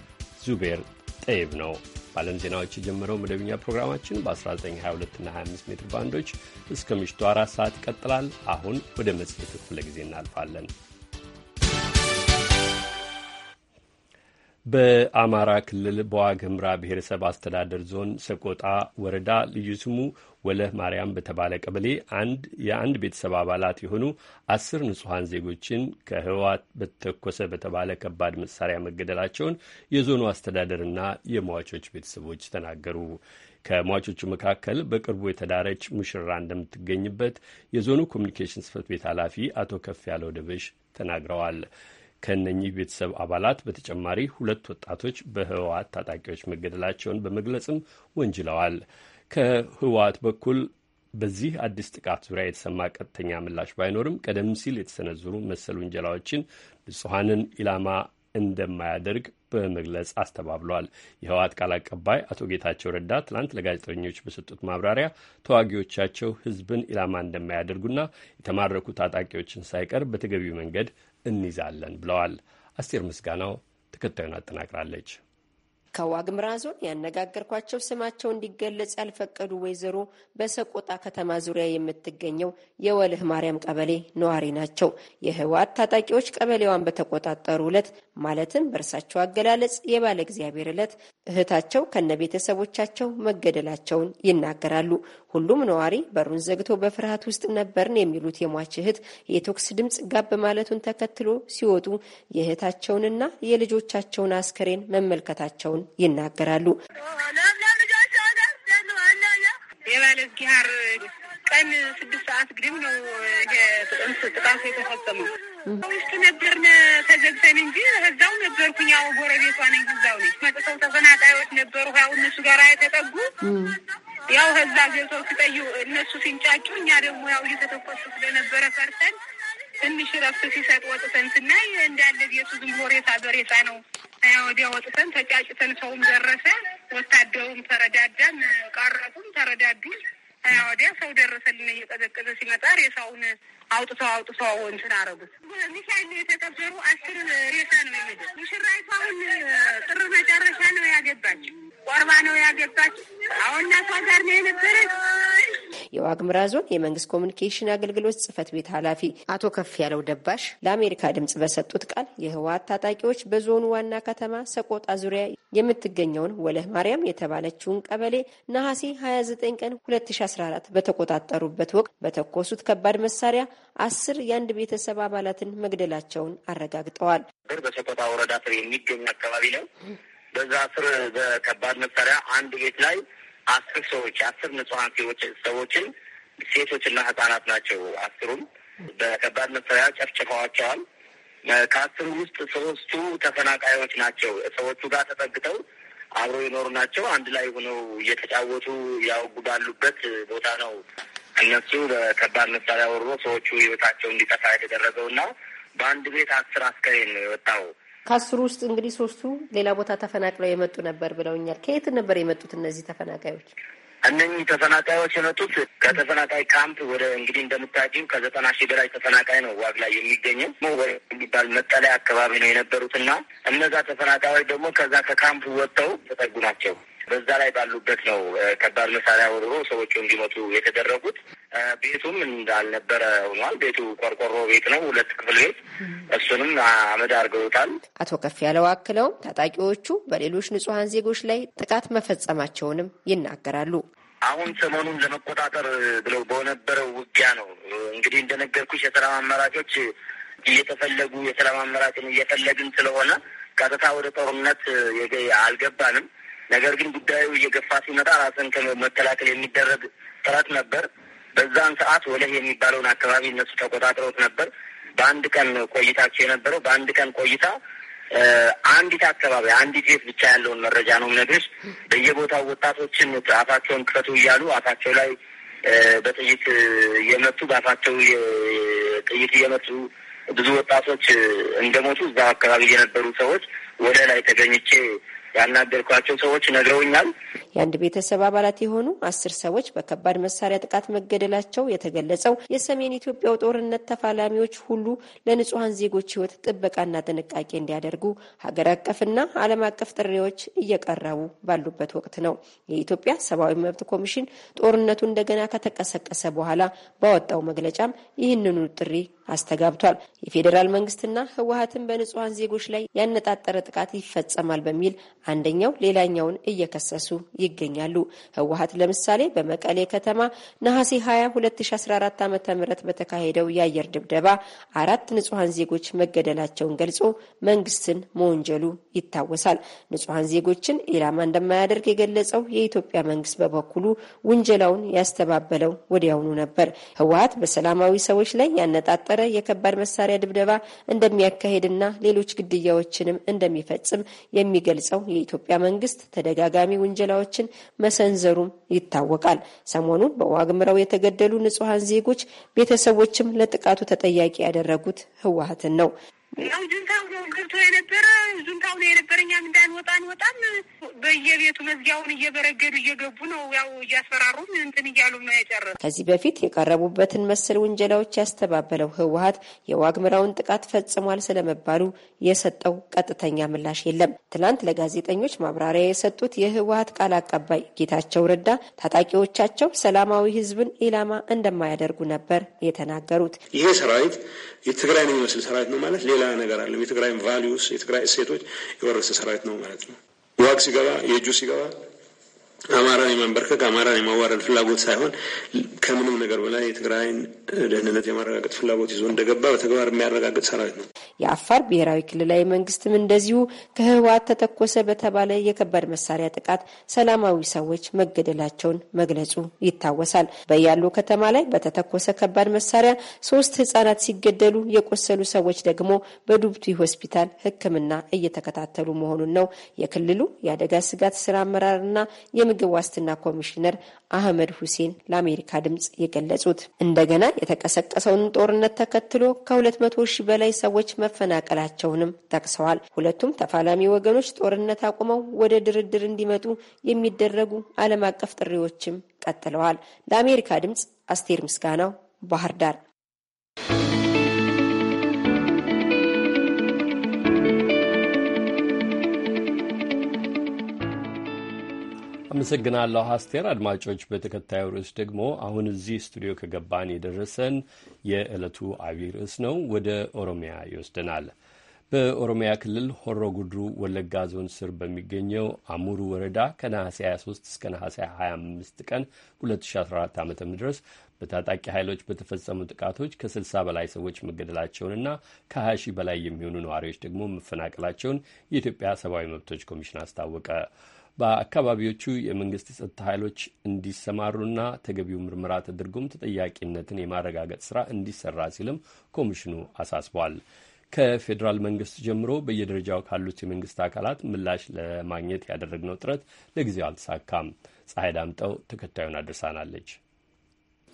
ዙቤር ጠይብ ነው። በዓለም ዜናዎች የጀመረው መደበኛ ፕሮግራማችን በ1922 እና 25 ሜትር ባንዶች እስከ ምሽቱ አራት ሰዓት ይቀጥላል። አሁን ወደ መጽሔቱ ክፍለ ጊዜ እናልፋለን። በአማራ ክልል በዋግምራ ብሔረሰብ አስተዳደር ዞን ሰቆጣ ወረዳ ልዩ ስሙ ወለህ ማርያም በተባለ ቀበሌ አንድ የአንድ ቤተሰብ አባላት የሆኑ አስር ንጹሐን ዜጎችን ከህወሓት በተተኮሰ በተባለ ከባድ መሳሪያ መገደላቸውን የዞኑ አስተዳደርና የሟቾች ቤተሰቦች ተናገሩ። ከሟቾቹ መካከል በቅርቡ የተዳረች ሙሽራ እንደምትገኝበት የዞኑ ኮሚኒኬሽን ጽህፈት ቤት ኃላፊ አቶ ከፍ ያለው ደበሽ ተናግረዋል። ከእነኚህ ቤተሰብ አባላት በተጨማሪ ሁለት ወጣቶች በህወሓት ታጣቂዎች መገደላቸውን በመግለጽም ወንጅለዋል። ከህወሓት በኩል በዚህ አዲስ ጥቃት ዙሪያ የተሰማ ቀጥተኛ ምላሽ ባይኖርም ቀደም ሲል የተሰነዘሩ መሰል ውንጀላዎችን ንጹሐንን ኢላማ እንደማያደርግ በመግለጽ አስተባብሏል። የህወሓት ቃል አቀባይ አቶ ጌታቸው ረዳ ትላንት ለጋዜጠኞች በሰጡት ማብራሪያ ተዋጊዎቻቸው ህዝብን ኢላማ እንደማያደርጉና የተማረኩ ታጣቂዎችን ሳይቀር በተገቢው መንገድ እንይዛለን ብለዋል። አስቴር ምስጋናው ተከታዩን አጠናቅራለች። ከዋግምራ ዞን ያነጋገርኳቸው ስማቸው እንዲገለጽ ያልፈቀዱ ወይዘሮ በሰቆጣ ከተማ ዙሪያ የምትገኘው የወልህ ማርያም ቀበሌ ነዋሪ ናቸው። የህወሓት ታጣቂዎች ቀበሌዋን በተቆጣጠሩ ዕለት ማለትም በእርሳቸው አገላለጽ የባለ እግዚአብሔር ዕለት እህታቸው ከነ ቤተሰቦቻቸው መገደላቸውን ይናገራሉ። ሁሉም ነዋሪ በሩን ዘግቶ በፍርሃት ውስጥ ነበርን የሚሉት የሟች እህት የቶክስ ድምፅ ጋብ ማለቱን ተከትሎ ሲወጡ የእህታቸውንና የልጆቻቸውን አስከሬን መመልከታቸውን መሆኑን ይናገራሉ። የባለጊሀር ቀን ስድስት ሰዓት ግድም ነው ጥቃቱ የተፈጸመው። ውስጥ ነበርን ተዘግተን እንጂ እዛው ነበርኩኝ። ያው ጎረቤቷ ነኝ። እዛው ነኝ። መጥተው ተፈናቃዮች ነበሩ። ያው እነሱ ጋር የተጠጉ ያው ከዛ ገብተው ሲጠዩ እነሱ ሲንጫጩ፣ እኛ ደግሞ ያው እየተተኮሱ ስለነበረ ፈርተን ትንሽ ረፍት ሲሰጥ ወጥተን ስናይ እንዳለ ቤቱ ዝም ብሎ ሬሳ በሬሳ ነው። ወዲያ ወጥተን ተጫጭተን ሰውም ደረሰ፣ ወታደሩም ተረዳዳን፣ ቀረጡም ተረዳዱን። ወዲያ ሰው ደረሰልን። እየቀዘቀዘ ሲመጣ ሬሳውን አውጥተው አውጥተው እንትን አረጉት። ሚሻል የተቀበሩ አስር ሬሳ ነው የሄደ። ሙሽራይቱ አሁን ጥር መጨረሻ ነው ያገባቸው። ቆርባ ነው ያገባች። አሁን እናቷ ጋር ነው የነበረች። የዋግምራ ዞን የመንግስት ኮሚኒኬሽን አገልግሎት ጽህፈት ቤት ኃላፊ አቶ ከፍ ያለው ደባሽ ለአሜሪካ ድምጽ በሰጡት ቃል የህወሀት ታጣቂዎች በዞኑ ዋና ከተማ ሰቆጣ ዙሪያ የምትገኘውን ወለህ ማርያም የተባለችውን ቀበሌ ነሐሴ 29 ቀን 2014 በተቆጣጠሩበት ወቅት በተኮሱት ከባድ መሳሪያ አስር የአንድ ቤተሰብ አባላትን መግደላቸውን አረጋግጠዋል። በሰቆጣ ወረዳ የሚገኝ አካባቢ ነው በዛ ስር በከባድ መሳሪያ አንድ ቤት ላይ አስር ሰዎች አስር ንጹሀን ሰዎችን ሴቶችና ህጻናት ናቸው። አስሩም በከባድ መሳሪያ ጨፍጭፈዋቸዋል። ከአስሩ ውስጥ ሶስቱ ተፈናቃዮች ናቸው። ሰዎቹ ጋር ተጠግተው አብረው የኖሩ ናቸው። አንድ ላይ ሆነው እየተጫወቱ ያውጉ ባሉበት ቦታ ነው እነሱ በከባድ መሳሪያ ወሮ ሰዎቹ ህይወታቸው እንዲጠፋ የተደረገው እና በአንድ ቤት አስር አስከሬን ነው የወጣው። ከአስሩ ውስጥ እንግዲህ ሶስቱ ሌላ ቦታ ተፈናቅለው የመጡ ነበር ብለውኛል። ከየት ነበር የመጡት እነዚህ ተፈናቃዮች? እነኚህ ተፈናቃዮች የመጡት ከተፈናቃይ ካምፕ ወደ እንግዲህ እንደምታውቂው ከዘጠና ሺህ በላይ ተፈናቃይ ነው ዋግ ላይ የሚገኘው የሚባል መጠለያ አካባቢ ነው የነበሩት እና እነዛ ተፈናቃዮች ደግሞ ከዛ ከካምፕ ወጥተው ተጠጉ ናቸው። በዛ ላይ ባሉበት ነው ከባድ መሳሪያ ወርሮ ሰዎቹ እንዲመቱ የተደረጉት። ቤቱም እንዳልነበረ ሆኗል። ቤቱ ቆርቆሮ ቤት ነው፣ ሁለት ክፍል ቤት። እሱንም አመድ አድርገውታል። አቶ ከፍ ያለው አክለው ታጣቂዎቹ በሌሎች ንጹሐን ዜጎች ላይ ጥቃት መፈጸማቸውንም ይናገራሉ። አሁን ሰሞኑን ለመቆጣጠር ብለው በነበረው ውጊያ ነው እንግዲህ እንደነገርኩሽ የሰላም አመራጮች እየተፈለጉ የሰላም አማራጭን እየፈለግን ስለሆነ ቀጥታ ወደ ጦርነት አልገባንም። ነገር ግን ጉዳዩ እየገፋ ሲመጣ ራስን ከመከላከል የሚደረግ ጥረት ነበር። በዛን ሰዓት ወለህ የሚባለውን አካባቢ እነሱ ተቆጣጥረውት ነበር። በአንድ ቀን ቆይታቸው የነበረው በአንድ ቀን ቆይታ አንዲት አካባቢ አንዲት ቤት ብቻ ያለውን መረጃ ነው የምነግርሽ። በየቦታው ወጣቶችን አፋቸውን ክፈቱ እያሉ አፋቸው ላይ በጥይት እየመቱ በአፋቸው ጥይት እየመቱ ብዙ ወጣቶች እንደሞቱ እዛ አካባቢ የነበሩ ሰዎች ወደ ላይ ተገኝቼ ያናገርኳቸው ሰዎች ነግረውኛል። የአንድ ቤተሰብ አባላት የሆኑ አስር ሰዎች በከባድ መሳሪያ ጥቃት መገደላቸው የተገለጸው የሰሜን ኢትዮጵያው ጦርነት ተፋላሚዎች ሁሉ ለንጹሐን ዜጎች ሕይወት ጥበቃና ጥንቃቄ እንዲያደርጉ ሀገር አቀፍና ዓለም አቀፍ ጥሪዎች እየቀረቡ ባሉበት ወቅት ነው። የኢትዮጵያ ሰብአዊ መብት ኮሚሽን ጦርነቱ እንደገና ከተቀሰቀሰ በኋላ ባወጣው መግለጫም ይህንኑ ጥሪ አስተጋብቷል። የፌዴራል መንግስትና ህወሀትን በንጹሐን ዜጎች ላይ ያነጣጠረ ጥቃት ይፈጸማል በሚል አንደኛው ሌላኛውን እየከሰሱ ይገኛሉ። ህወሀት ለምሳሌ በመቀሌ ከተማ ነሐሴ 22 2014 ዓ ም በተካሄደው የአየር ድብደባ አራት ንጹሐን ዜጎች መገደላቸውን ገልጾ መንግስትን መወንጀሉ ይታወሳል። ንጹሐን ዜጎችን ኢላማ እንደማያደርግ የገለጸው የኢትዮጵያ መንግስት በበኩሉ ውንጀላውን ያስተባበለው ወዲያውኑ ነበር። ህወሀት በሰላማዊ ሰዎች ላይ ያነጣጠ የተቀነባበረ የከባድ መሳሪያ ድብደባ እንደሚያካሄድና ሌሎች ግድያዎችንም እንደሚፈጽም የሚገልጸው የኢትዮጵያ መንግስት ተደጋጋሚ ውንጀላዎችን መሰንዘሩም ይታወቃል። ሰሞኑን በዋግምራው የተገደሉ ንጹሐን ዜጎች ቤተሰቦችም ለጥቃቱ ተጠያቂ ያደረጉት ህወሀትን ነው። ያው ጁንታው ገብቶ የነበረ ጁንታው ነው የነበረ። እኛም እንዳንወጣ አንወጣም። በየቤቱ መዝጊያውን እየበረገዱ እየገቡ ነው ያው እያስፈራሩም እንትን እያሉ ነው ያጨረሱ። ከዚህ በፊት የቀረቡበትን መሰል ውንጀላዎች ያስተባበለው ህወሀት የዋግምራውን ጥቃት ፈጽሟል ስለመባሉ የሰጠው ቀጥተኛ ምላሽ የለም። ትላንት ለጋዜጠኞች ማብራሪያ የሰጡት የህወሀት ቃል አቀባይ ጌታቸው ረዳ ታጣቂዎቻቸው ሰላማዊ ህዝብን ኢላማ እንደማያደርጉ ነበር የተናገሩት። ይሄ ሰራዊት የትግራይ ነው የሚመስል ሰራዊት ነው ማለት ሌላ ሌላ ነገር አለም። የትግራይን ቫሊዩስ የትግራይ እሴቶች የወረሰ ሰራዊት ነው ማለት ነው። ዋግ ሲገባ የእጁ ሲገባ አማራን የማንበርከክ አማራን የማዋረድ ፍላጎት ሳይሆን ከምንም ነገር በላይ የትግራይን ደህንነት የማረጋገጥ ፍላጎት ይዞ እንደገባ በተግባር የሚያረጋግጥ ሰራዊት ነው። የአፋር ብሔራዊ ክልላዊ መንግስትም እንደዚሁ ከህወሓት ተተኮሰ በተባለ የከባድ መሳሪያ ጥቃት ሰላማዊ ሰዎች መገደላቸውን መግለጹ ይታወሳል። በያሉ ከተማ ላይ በተተኮሰ ከባድ መሳሪያ ሶስት ህጻናት ሲገደሉ፣ የቆሰሉ ሰዎች ደግሞ በዱብቲ ሆስፒታል ሕክምና እየተከታተሉ መሆኑን ነው የክልሉ የአደጋ ስጋት ስራ አመራርና የምግብ ዋስትና ኮሚሽነር አህመድ ሁሴን ለአሜሪካ ድምጽ የገለጹት እንደገና የተቀሰቀሰውን ጦርነት ተከትሎ ከ 200 ሺህ በላይ ሰዎች መፈናቀላቸውንም ጠቅሰዋል። ሁለቱም ተፋላሚ ወገኖች ጦርነት አቁመው ወደ ድርድር እንዲመጡ የሚደረጉ ዓለም አቀፍ ጥሪዎችም ቀጥለዋል። ለአሜሪካ ድምጽ አስቴር ምስጋናው ባህር ዳር አመሰግናለሁ አስቴር። አድማጮች፣ በተከታዩ ርዕስ ደግሞ አሁን እዚህ ስቱዲዮ ከገባን የደረሰን የዕለቱ አብይ ርዕስ ነው። ወደ ኦሮሚያ ይወስደናል። በኦሮሚያ ክልል ሆሮ ጉድሩ ወለጋ ዞን ስር በሚገኘው አሙሩ ወረዳ ከነሐሴ 23 እስከ ነሐሴ 25 ቀን 2014 ዓ ም ድረስ በታጣቂ ኃይሎች በተፈጸሙ ጥቃቶች ከ60 በላይ ሰዎች መገደላቸውንና ከ20 ሺህ በላይ የሚሆኑ ነዋሪዎች ደግሞ መፈናቀላቸውን የኢትዮጵያ ሰብአዊ መብቶች ኮሚሽን አስታወቀ። በአካባቢዎቹ የመንግስት ጸጥታ ኃይሎች እንዲሰማሩና ተገቢው ምርመራ ተደርጎም ተጠያቂነትን የማረጋገጥ ስራ እንዲሰራ ሲልም ኮሚሽኑ አሳስቧል። ከፌዴራል መንግስት ጀምሮ በየደረጃው ካሉት የመንግስት አካላት ምላሽ ለማግኘት ያደረግነው ጥረት ለጊዜው አልተሳካም። ፀሐይ ዳምጠው ተከታዩን አድርሳናለች።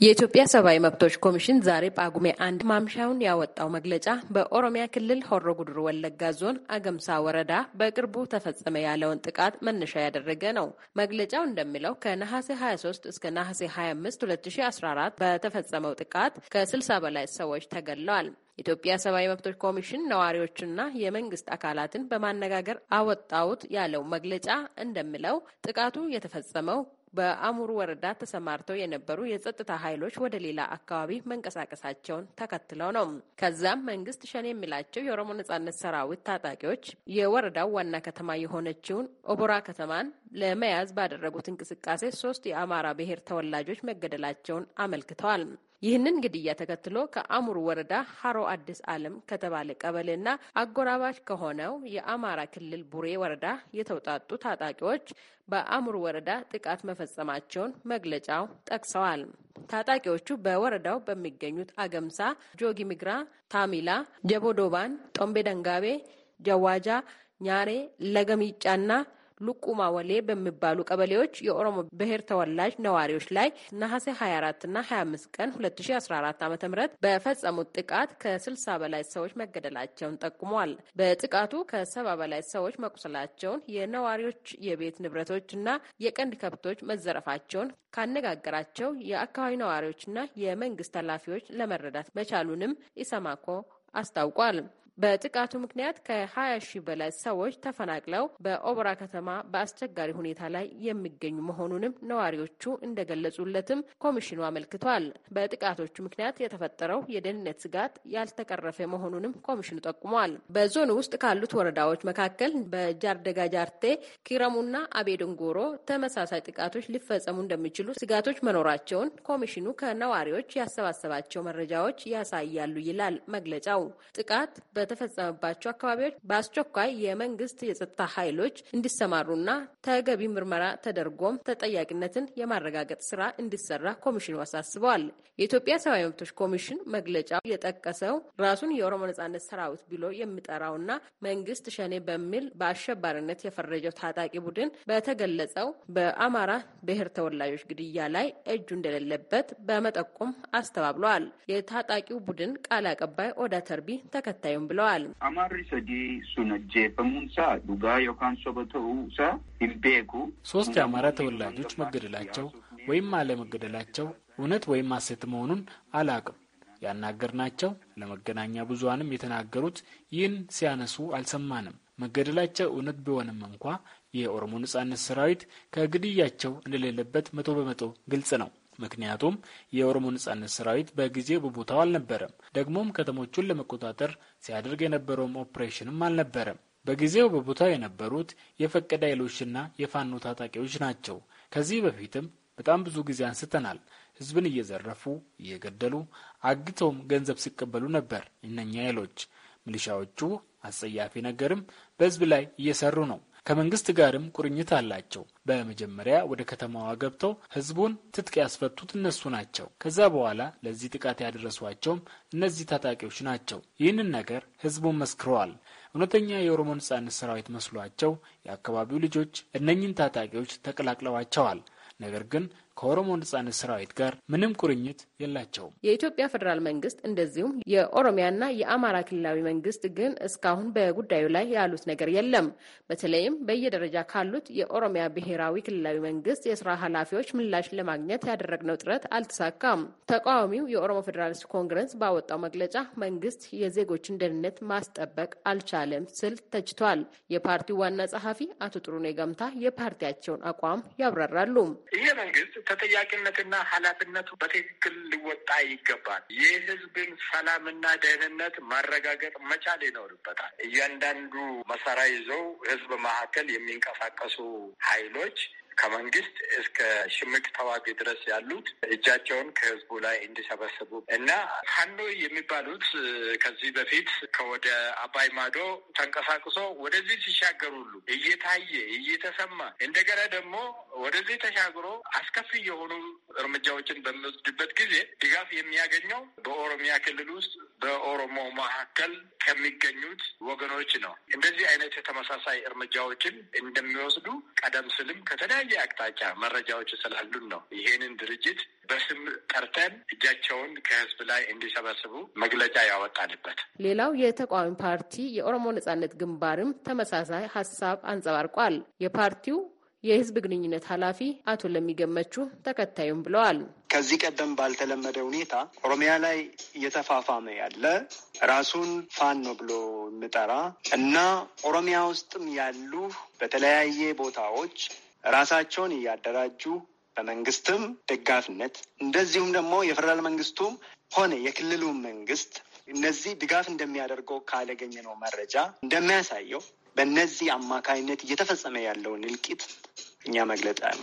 የኢትዮጵያ ሰብአዊ መብቶች ኮሚሽን ዛሬ ጳጉሜ አንድ ማምሻውን ያወጣው መግለጫ በኦሮሚያ ክልል ሆሮ ጉድሩ ወለጋ ዞን አገምሳ ወረዳ በቅርቡ ተፈጸመ ያለውን ጥቃት መነሻ ያደረገ ነው። መግለጫው እንደሚለው ከነሐሴ 23 እስከ ነሐሴ 25 2014 በተፈጸመው ጥቃት ከ60 በላይ ሰዎች ተገለዋል። የኢትዮጵያ ሰብአዊ መብቶች ኮሚሽን ነዋሪዎችና የመንግስት አካላትን በማነጋገር አወጣውት ያለው መግለጫ እንደሚለው ጥቃቱ የተፈጸመው በአሙሩ ወረዳ ተሰማርተው የነበሩ የጸጥታ ኃይሎች ወደ ሌላ አካባቢ መንቀሳቀሳቸውን ተከትለው ነው። ከዛም መንግስት ሸኔ የሚላቸው የኦሮሞ ነጻነት ሰራዊት ታጣቂዎች የወረዳው ዋና ከተማ የሆነችውን ኦቦራ ከተማን ለመያዝ ባደረጉት እንቅስቃሴ ሶስት የአማራ ብሔር ተወላጆች መገደላቸውን አመልክተዋል። ይህንን ግድያ ተከትሎ ከአሙር ወረዳ ሀሮ አዲስ አለም ከተባለ ቀበሌና አጎራባች ከሆነው የአማራ ክልል ቡሬ ወረዳ የተውጣጡ ታጣቂዎች በአሙር ወረዳ ጥቃት መፈጸማቸውን መግለጫው ጠቅሰዋል። ታጣቂዎቹ በወረዳው በሚገኙት አገምሳ፣ ጆጊ ምግራ፣ ታሚላ፣ ጀቦዶባን፣ ጦምቤ ደንጋቤ፣ ጀዋጃ፣ ኛሬ፣ ለገሚጫና ሉቁማ ወሌ በሚባሉ ቀበሌዎች የኦሮሞ ብሔር ተወላጅ ነዋሪዎች ላይ ነሐሴ 24 እና 25 ቀን 2014 ዓ ም በፈጸሙት ጥቃት ከ60 በላይ ሰዎች መገደላቸውን ጠቁሟል። በጥቃቱ ከ70 በላይ ሰዎች መቁሰላቸውን፣ የነዋሪዎች የቤት ንብረቶች እና የቀንድ ከብቶች መዘረፋቸውን ካነጋገራቸው የአካባቢ ነዋሪዎችና የመንግስት ኃላፊዎች ለመረዳት መቻሉንም ኢሰማኮ አስታውቋል። በጥቃቱ ምክንያት ከ20 ሺህ በላይ ሰዎች ተፈናቅለው በኦቦራ ከተማ በአስቸጋሪ ሁኔታ ላይ የሚገኙ መሆኑንም ነዋሪዎቹ እንደገለጹለትም ኮሚሽኑ አመልክቷል። በጥቃቶቹ ምክንያት የተፈጠረው የደህንነት ስጋት ያልተቀረፈ መሆኑንም ኮሚሽኑ ጠቁሟል። በዞኑ ውስጥ ካሉት ወረዳዎች መካከል በጃርደጋ ጃርቴ፣ ኪረሙና አቤድንጎሮ ተመሳሳይ ጥቃቶች ሊፈጸሙ እንደሚችሉ ስጋቶች መኖራቸውን ኮሚሽኑ ከነዋሪዎች ያሰባሰባቸው መረጃዎች ያሳያሉ ይላል መግለጫው። ጥቃት በተፈጸመባቸው አካባቢዎች በአስቸኳይ የመንግስት የጸጥታ ኃይሎች እንዲሰማሩና ተገቢ ምርመራ ተደርጎም ተጠያቂነትን የማረጋገጥ ስራ እንዲሰራ ኮሚሽኑ አሳስበዋል። የኢትዮጵያ ሰብአዊ መብቶች ኮሚሽን መግለጫው የጠቀሰው ራሱን የኦሮሞ ነጻነት ሰራዊት ብሎ የሚጠራውና መንግስት ሸኔ በሚል በአሸባሪነት የፈረጀው ታጣቂ ቡድን በተገለጸው በአማራ ብሔር ተወላጆች ግድያ ላይ እጁ እንደሌለበት በመጠቆም አስተባብለዋል። የታጣቂው ቡድን ቃል አቀባይ ኦዳ ተርቢ ተከታዩም ብለዋል። ብለዋል። ሶስት የአማራ ተወላጆች መገደላቸው ወይም አለመገደላቸው እውነት ወይም አሴት መሆኑን አላቅም። ያናገርናቸው ለመገናኛ ብዙሀንም የተናገሩት ይህን ሲያነሱ አልሰማንም። መገደላቸው እውነት ቢሆንም እንኳ የኦሮሞ ነጻነት ሰራዊት ከግድያቸው እንደሌለበት መቶ በመቶ ግልጽ ነው። ምክንያቱም የኦሮሞ ነጻነት ሰራዊት በጊዜው በቦታው አልነበረም። ደግሞም ከተሞቹን ለመቆጣጠር ሲያደርግ የነበረውም ኦፕሬሽንም አልነበረም። በጊዜው በቦታው የነበሩት የፈቀደ ኃይሎችና የፋኖ ታጣቂዎች ናቸው። ከዚህ በፊትም በጣም ብዙ ጊዜ አንስተናል። ህዝብን እየዘረፉ እየገደሉ አግተውም ገንዘብ ሲቀበሉ ነበር። እነኛ ኃይሎች ሚሊሻዎቹ አጸያፊ ነገርም በህዝብ ላይ እየሰሩ ነው። ከመንግስት ጋርም ቁርኝት አላቸው። በመጀመሪያ ወደ ከተማዋ ገብተው ህዝቡን ትጥቅ ያስፈቱት እነሱ ናቸው። ከዛ በኋላ ለዚህ ጥቃት ያደረሷቸውም እነዚህ ታጣቂዎች ናቸው። ይህንን ነገር ህዝቡን መስክረዋል። እውነተኛ የኦሮሞ ነጻነት ሰራዊት መስሏቸው የአካባቢው ልጆች እነኝን ታጣቂዎች ተቀላቅለዋቸዋል። ነገር ግን ከኦሮሞ ነጻነት ሰራዊት ጋር ምንም ቁርኝት የላቸውም። የኢትዮጵያ ፌዴራል መንግስት እንደዚሁም የኦሮሚያና የአማራ ክልላዊ መንግስት ግን እስካሁን በጉዳዩ ላይ ያሉት ነገር የለም። በተለይም በየደረጃ ካሉት የኦሮሚያ ብሔራዊ ክልላዊ መንግስት የስራ ኃላፊዎች ምላሽ ለማግኘት ያደረግነው ጥረት አልተሳካም። ተቃዋሚው የኦሮሞ ፌዴራሊስት ኮንግረስ ባወጣው መግለጫ መንግስት የዜጎችን ደህንነት ማስጠበቅ አልቻለም ስል ተችቷል። የፓርቲው ዋና ጸሐፊ አቶ ጥሩኔ ገምታ የፓርቲያቸውን አቋም ያብራራሉ። ይሄ መንግስት ተጠያቂነትና ኃላፊነቱ በትክክል ሊወጣ ይገባል። የህዝብን ሰላምና ደህንነት ማረጋገጥ መቻል ይኖርበታል። እያንዳንዱ መሳሪያ ይዘው ህዝብ መካከል የሚንቀሳቀሱ ኃይሎች ከመንግስት እስከ ሽምቅ ተዋጊ ድረስ ያሉት እጃቸውን ከህዝቡ ላይ እንዲሰበስቡ እና ሀኖ የሚባሉት ከዚህ በፊት ከወደ አባይ ማዶ ተንቀሳቅሶ ወደዚህ ሲሻገሩሉ እየታየ እየተሰማ እንደገና ደግሞ ወደዚህ ተሻግሮ አስከፊ የሆኑ እርምጃዎችን በሚወስድበት ጊዜ ድጋፍ የሚያገኘው በኦሮሚያ ክልል ውስጥ በኦሮሞ መካከል ከሚገኙት ወገኖች ነው። እንደዚህ አይነት የተመሳሳይ እርምጃዎችን እንደሚወስዱ ቀደም ስልም ከተለያየ አቅጣጫ መረጃዎች ስላሉን ነው ይሄንን ድርጅት በስም ጠርተን እጃቸውን ከህዝብ ላይ እንዲሰበስቡ መግለጫ ያወጣንበት። ሌላው የተቃዋሚ ፓርቲ የኦሮሞ ነጻነት ግንባርም ተመሳሳይ ሀሳብ አንጸባርቋል። የፓርቲው የህዝብ ግንኙነት ኃላፊ አቶ ለሚገመቹ ተከታዩም ብለዋል። ከዚህ ቀደም ባልተለመደ ሁኔታ ኦሮሚያ ላይ እየተፋፋመ ያለ ራሱን ፋኖ ብሎ የምጠራ እና ኦሮሚያ ውስጥም ያሉ በተለያየ ቦታዎች ራሳቸውን እያደራጁ በመንግስትም ደጋፊነት እንደዚሁም ደግሞ የፌደራል መንግስቱም ሆነ የክልሉ መንግስት እነዚህ ድጋፍ እንደሚያደርገው ካለገኘ ነው መረጃ እንደሚያሳየው በእነዚህ አማካይነት እየተፈጸመ ያለውን እልቂት እኛ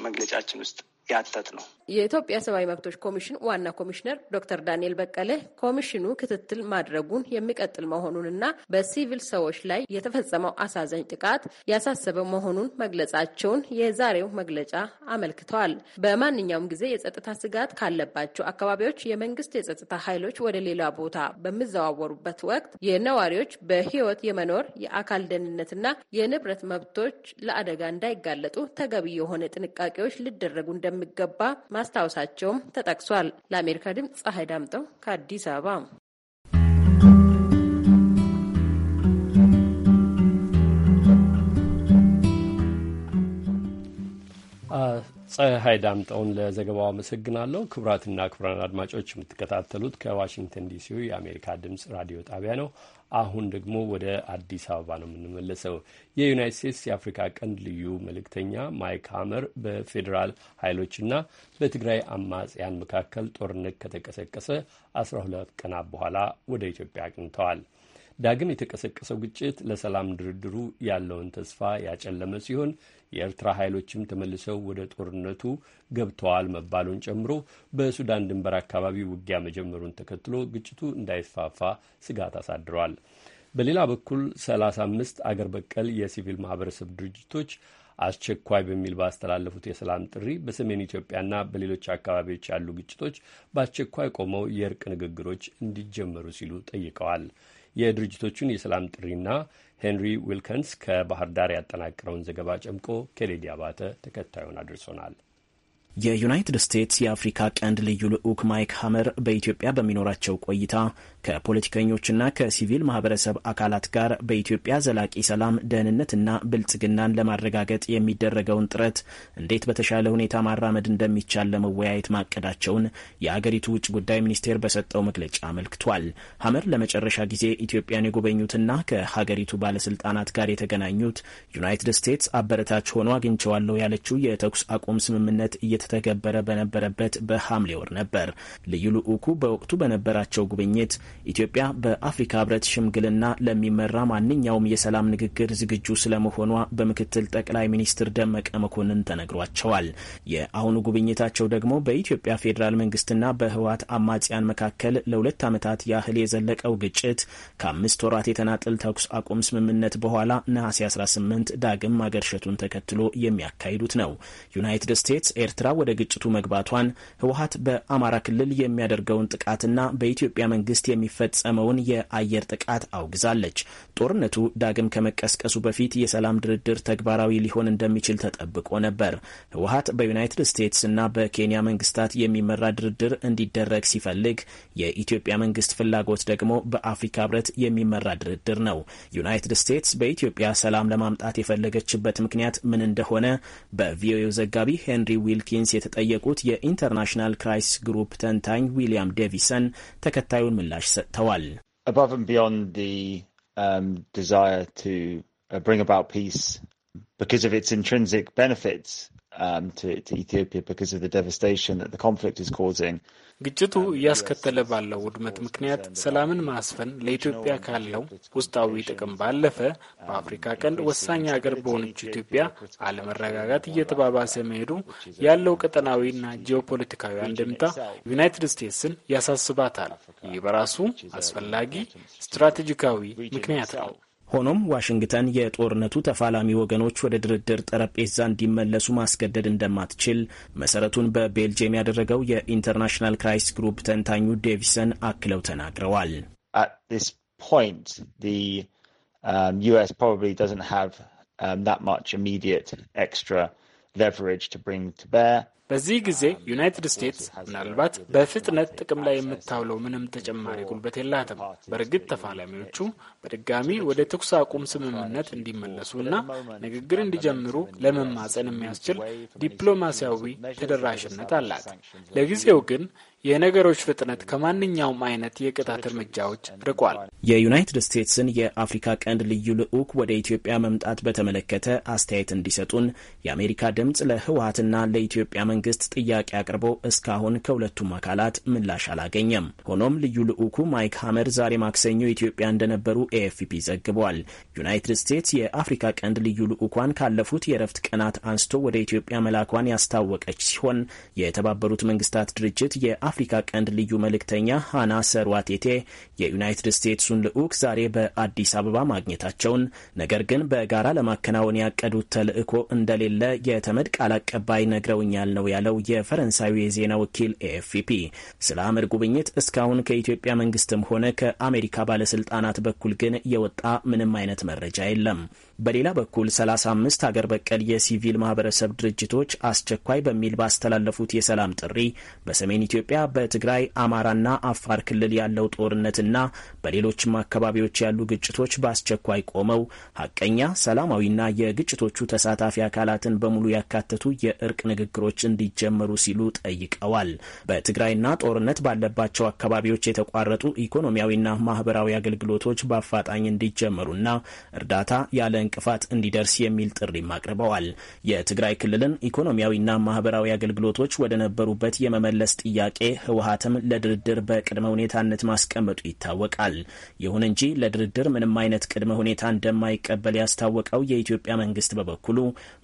መግለጫችን ውስጥ ያተት ነው። የኢትዮጵያ ሰብአዊ መብቶች ኮሚሽን ዋና ኮሚሽነር ዶክተር ዳንኤል በቀለ ኮሚሽኑ ክትትል ማድረጉን የሚቀጥል መሆኑንና በሲቪል ሰዎች ላይ የተፈጸመው አሳዛኝ ጥቃት ያሳሰበ መሆኑን መግለጻቸውን የዛሬው መግለጫ አመልክተዋል። በማንኛውም ጊዜ የጸጥታ ስጋት ካለባቸው አካባቢዎች የመንግስት የጸጥታ ኃይሎች ወደ ሌላ ቦታ በሚዘዋወሩበት ወቅት የነዋሪዎች በህይወት የመኖር የአካል ደህንነትና የንብረት መብቶች ለአደጋ እንዳይጋለጡ ተገቢ የሆነ ጥንቃቄዎች ሊደረጉ እንደሚገባ ማስታወሳቸውም ተጠቅሷል። ለአሜሪካ ድምፅ ፀሐይ ዳምጠው ከአዲስ አበባ። ፀሐይ ዳምጠውን ለዘገባው አመሰግናለሁ። ክቡራትና ክቡራን አድማጮች የምትከታተሉት ከዋሽንግተን ዲሲው የአሜሪካ ድምፅ ራዲዮ ጣቢያ ነው። አሁን ደግሞ ወደ አዲስ አበባ ነው የምንመለሰው። የዩናይት ስቴትስ የአፍሪካ ቀንድ ልዩ መልእክተኛ ማይክ ሀመር በፌዴራል ኃይሎችና በትግራይ አማጽያን መካከል ጦርነት ከተቀሰቀሰ 12 ቀናት በኋላ ወደ ኢትዮጵያ አቅንተዋል። ዳግም የተቀሰቀሰው ግጭት ለሰላም ድርድሩ ያለውን ተስፋ ያጨለመ ሲሆን የኤርትራ ኃይሎችም ተመልሰው ወደ ጦርነቱ ገብተዋል መባሉን ጨምሮ በሱዳን ድንበር አካባቢ ውጊያ መጀመሩን ተከትሎ ግጭቱ እንዳይፋፋ ስጋት አሳድረዋል። በሌላ በኩል 3 አምስት አገር በቀል የሲቪል ማህበረሰብ ድርጅቶች አስቸኳይ በሚል ባስተላለፉት የሰላም ጥሪ በሰሜን ኢትዮጵያና በሌሎች አካባቢዎች ያሉ ግጭቶች በአስቸኳይ ቆመው የእርቅ ንግግሮች እንዲጀመሩ ሲሉ ጠይቀዋል። የድርጅቶቹን የሰላም ጥሪና ሄንሪ ዊልከንስ ከባህር ዳር ያጠናቀረውን ዘገባ ጨምቆ ኬኔዲ አባተ ተከታዩን አድርሶናል። የዩናይትድ ስቴትስ የአፍሪካ ቀንድ ልዩ ልዑክ ማይክ ሀመር በኢትዮጵያ በሚኖራቸው ቆይታ ከፖለቲከኞችና ከሲቪል ማህበረሰብ አካላት ጋር በኢትዮጵያ ዘላቂ ሰላም፣ ደህንነትና ብልጽግናን ለማረጋገጥ የሚደረገውን ጥረት እንዴት በተሻለ ሁኔታ ማራመድ እንደሚቻል ለመወያየት ማቀዳቸውን የአገሪቱ ውጭ ጉዳይ ሚኒስቴር በሰጠው መግለጫ አመልክቷል። ሀመር ለመጨረሻ ጊዜ ኢትዮጵያን የጎበኙትና ከሀገሪቱ ባለስልጣናት ጋር የተገናኙት ዩናይትድ ስቴትስ አበረታች ሆኖ አግኝቸዋለሁ ያለችው የተኩስ አቁም ስምምነት እየ እየተተገበረ በነበረበት በሐምሌ ወር ነበር። ልዩ ልዑኩ በወቅቱ በነበራቸው ጉብኝት ኢትዮጵያ በአፍሪካ ህብረት ሽምግልና ለሚመራ ማንኛውም የሰላም ንግግር ዝግጁ ስለመሆኗ በምክትል ጠቅላይ ሚኒስትር ደመቀ መኮንን ተነግሯቸዋል። የአሁኑ ጉብኝታቸው ደግሞ በኢትዮጵያ ፌዴራል መንግስትና በህወሓት አማጽያን መካከል ለሁለት ዓመታት ያህል የዘለቀው ግጭት ከአምስት ወራት የተናጠል ተኩስ አቁም ስምምነት በኋላ ነሐሴ 18 ዳግም ማገርሸቱን ተከትሎ የሚያካሂዱት ነው። ዩናይትድ ስቴትስ ኤርትራ ወደ ግጭቱ መግባቷን፣ ህወሀት በአማራ ክልል የሚያደርገውን ጥቃትና በኢትዮጵያ መንግስት የሚፈጸመውን የአየር ጥቃት አውግዛለች። ጦርነቱ ዳግም ከመቀስቀሱ በፊት የሰላም ድርድር ተግባራዊ ሊሆን እንደሚችል ተጠብቆ ነበር። ህወሀት በዩናይትድ ስቴትስና በኬንያ መንግስታት የሚመራ ድርድር እንዲደረግ ሲፈልግ የኢትዮጵያ መንግስት ፍላጎት ደግሞ በአፍሪካ ህብረት የሚመራ ድርድር ነው። ዩናይትድ ስቴትስ በኢትዮጵያ ሰላም ለማምጣት የፈለገችበት ምክንያት ምን እንደሆነ በቪኦኤው ዘጋቢ ሄንሪ ዊልኪንስ ሮቢንስ የተጠየቁት የኢንተርናሽናል ክራይሲስ ግሩፕ ተንታኝ ዊሊያም ዴቪሰን ተከታዩን ምላሽ ሰጥተዋል። um, desire to uh, because of its intrinsic benefits ግጭቱ እያስከተለ ባለው ውድመት ምክንያት ሰላምን ማስፈን ለኢትዮጵያ ካለው ውስጣዊ ጥቅም ባለፈ um, በአፍሪካ ቀንድ ወሳኝ ሀገር በሆነች ኢትዮጵያ አለመረጋጋት እየተባባሰ መሄዱ ያለው ቀጠናዊና ጂኦፖለቲካዊ አንድምታ ዩናይትድ ስቴትስን ያሳስባታል። ይህ በራሱ አስፈላጊ ስትራቴጂካዊ ምክንያት ነው። ሆኖም ዋሽንግተን የጦርነቱ ተፋላሚ ወገኖች ወደ ድርድር ጠረጴዛ እንዲመለሱ ማስገደድ እንደማትችል መሰረቱን በቤልጅየም ያደረገው የኢንተርናሽናል ክራይስ ግሩፕ ተንታኙ ዴቪሰን አክለው ተናግረዋል። በዚህ ጊዜ ዩናይትድ ስቴትስ ምናልባት በፍጥነት ጥቅም ላይ የምታውለው ምንም ተጨማሪ ጉልበት የላትም። በእርግጥ ተፋላሚዎቹ በድጋሚ ወደ ተኩስ አቁም ስምምነት እንዲመለሱ እና ንግግር እንዲጀምሩ ለመማጸን የሚያስችል ዲፕሎማሲያዊ ተደራሽነት አላት። ለጊዜው ግን የነገሮች ፍጥነት ከማንኛውም አይነት የቅጣት እርምጃዎች ርቋል። የዩናይትድ ስቴትስን የአፍሪካ ቀንድ ልዩ ልዑክ ወደ ኢትዮጵያ መምጣት በተመለከተ አስተያየት እንዲሰጡን የአሜሪካ ድምፅ ለህወሀትና ለኢትዮጵያ መንግስት ጥያቄ አቅርቦ እስካሁን ከሁለቱም አካላት ምላሽ አላገኘም። ሆኖም ልዩ ልዑኩ ማይክ ሀመር ዛሬ ማክሰኞ ኢትዮጵያ እንደነበሩ ኤኤፍፒ ዘግቧል። ዩናይትድ ስቴትስ የአፍሪካ ቀንድ ልዩ ልዑኳን ካለፉት የእረፍት ቀናት አንስቶ ወደ ኢትዮጵያ መላኳን ያስታወቀች ሲሆን የተባበሩት መንግስታት ድርጅት የአፍሪካ ቀንድ ልዩ መልእክተኛ ሃና ሰርዋቴቴ የዩናይትድ ስቴትሱን ልዑክ ዛሬ በአዲስ አበባ ማግኘታቸውን ነገር ግን በጋራ ለማከናወን ያቀዱት ተልዕኮ እንደሌለ የተመድ ቃል አቀባይ ነግረውኛል ነው ነው ያለው የፈረንሳዩ የዜና ወኪል ኤኤፍፒ። ስለ አመድ ጉብኝት እስካሁን ከኢትዮጵያ መንግስትም ሆነ ከአሜሪካ ባለስልጣናት በኩል ግን የወጣ ምንም አይነት መረጃ የለም። በሌላ በኩል 35 ሀገር በቀል የሲቪል ማህበረሰብ ድርጅቶች አስቸኳይ በሚል ባስተላለፉት የሰላም ጥሪ በሰሜን ኢትዮጵያ በትግራይ አማራና አፋር ክልል ያለው ጦርነትና በሌሎችም አካባቢዎች ያሉ ግጭቶች በአስቸኳይ ቆመው ሀቀኛ ሰላማዊና የግጭቶቹ ተሳታፊ አካላትን በሙሉ ያካተቱ የእርቅ ንግግሮች እንዲጀመሩ ሲሉ ጠይቀዋል። በትግራይና ጦርነት ባለባቸው አካባቢዎች የተቋረጡ ኢኮኖሚያዊና ማህበራዊ አገልግሎቶች በአፋጣኝ እንዲጀመሩና እርዳታ ያለ እንቅፋት እንዲደርስ የሚል ጥሪም አቅርበዋል። የትግራይ ክልልን ኢኮኖሚያዊና ማህበራዊ አገልግሎቶች ወደ ነበሩበት የመመለስ ጥያቄ ህወሀትም ለድርድር በቅድመ ሁኔታነት ማስቀመጡ ይታወቃል። ይሁን እንጂ ለድርድር ምንም አይነት ቅድመ ሁኔታ እንደማይቀበል ያስታወቀው የኢትዮጵያ መንግስት በበኩሉ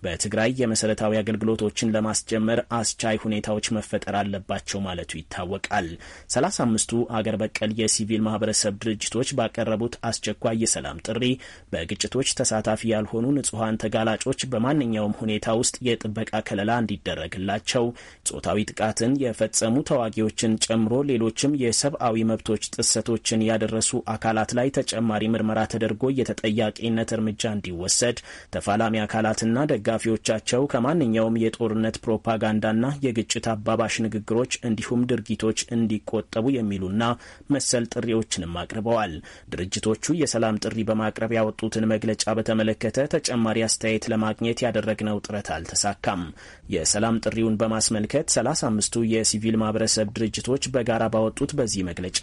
በትግራይ የመሰረታዊ አገልግሎቶችን ለማስጀመር አስቻይ ሁኔታዎች መፈጠር አለባቸው ማለቱ ይታወቃል። ሰላሳ አምስቱ አገር በቀል የሲቪል ማህበረሰብ ድርጅቶች ባቀረቡት አስቸኳይ የሰላም ጥሪ በግጭቶች ተሳታፊ ያልሆኑ ንጹሐን ተጋላጮች በማንኛውም ሁኔታ ውስጥ የጥበቃ ከለላ እንዲደረግላቸው፣ ጾታዊ ጥቃትን የፈጸሙ ተዋጊዎችን ጨምሮ ሌሎችም የሰብአዊ መብቶች ጥሰቶችን ያደረሱ አካላት ላይ ተጨማሪ ምርመራ ተደርጎ የተጠያቂነት እርምጃ እንዲወሰድ፣ ተፋላሚ አካላትና ደጋፊዎቻቸው ከማንኛውም የጦርነት ፕሮፓጋንዳ ፕሮፓጋንዳና የግጭት አባባሽ ንግግሮች እንዲሁም ድርጊቶች እንዲቆጠቡ የሚሉና መሰል ጥሪዎችንም አቅርበዋል። ድርጅቶቹ የሰላም ጥሪ በማቅረብ ያወጡትን መግለጫ በተመለከተ ተጨማሪ አስተያየት ለማግኘት ያደረግነው ጥረት አልተሳካም። የሰላም ጥሪውን በማስመልከት 35ቱ የሲቪል ማህበረሰብ ድርጅቶች በጋራ ባወጡት በዚህ መግለጫ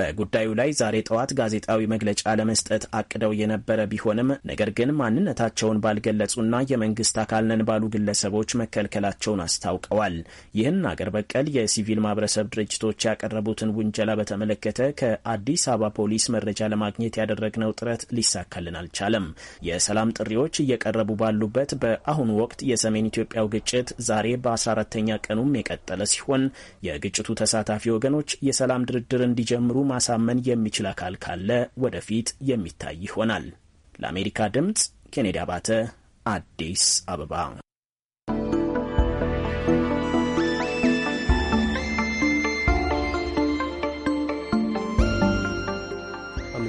በጉዳዩ ላይ ዛሬ ጠዋት ጋዜጣዊ መግለጫ ለመስጠት አቅደው የነበረ ቢሆንም ነገር ግን ማንነታቸውን ባልገለጹና የመንግስት አካል ነን ባሉ ግለሰቦች መከልከላቸውን አስታ አስታውቀዋል። ይህን አገር በቀል የሲቪል ማህበረሰብ ድርጅቶች ያቀረቡትን ውንጀላ በተመለከተ ከአዲስ አበባ ፖሊስ መረጃ ለማግኘት ያደረግነው ጥረት ሊሳካልን አልቻለም። የሰላም ጥሪዎች እየቀረቡ ባሉበት በአሁኑ ወቅት የሰሜን ኢትዮጵያው ግጭት ዛሬ በ14ተኛ ቀኑም የቀጠለ ሲሆን የግጭቱ ተሳታፊ ወገኖች የሰላም ድርድር እንዲጀምሩ ማሳመን የሚችል አካል ካለ ወደፊት የሚታይ ይሆናል። ለአሜሪካ ድምፅ ኬኔዲ አባተ አዲስ አበባ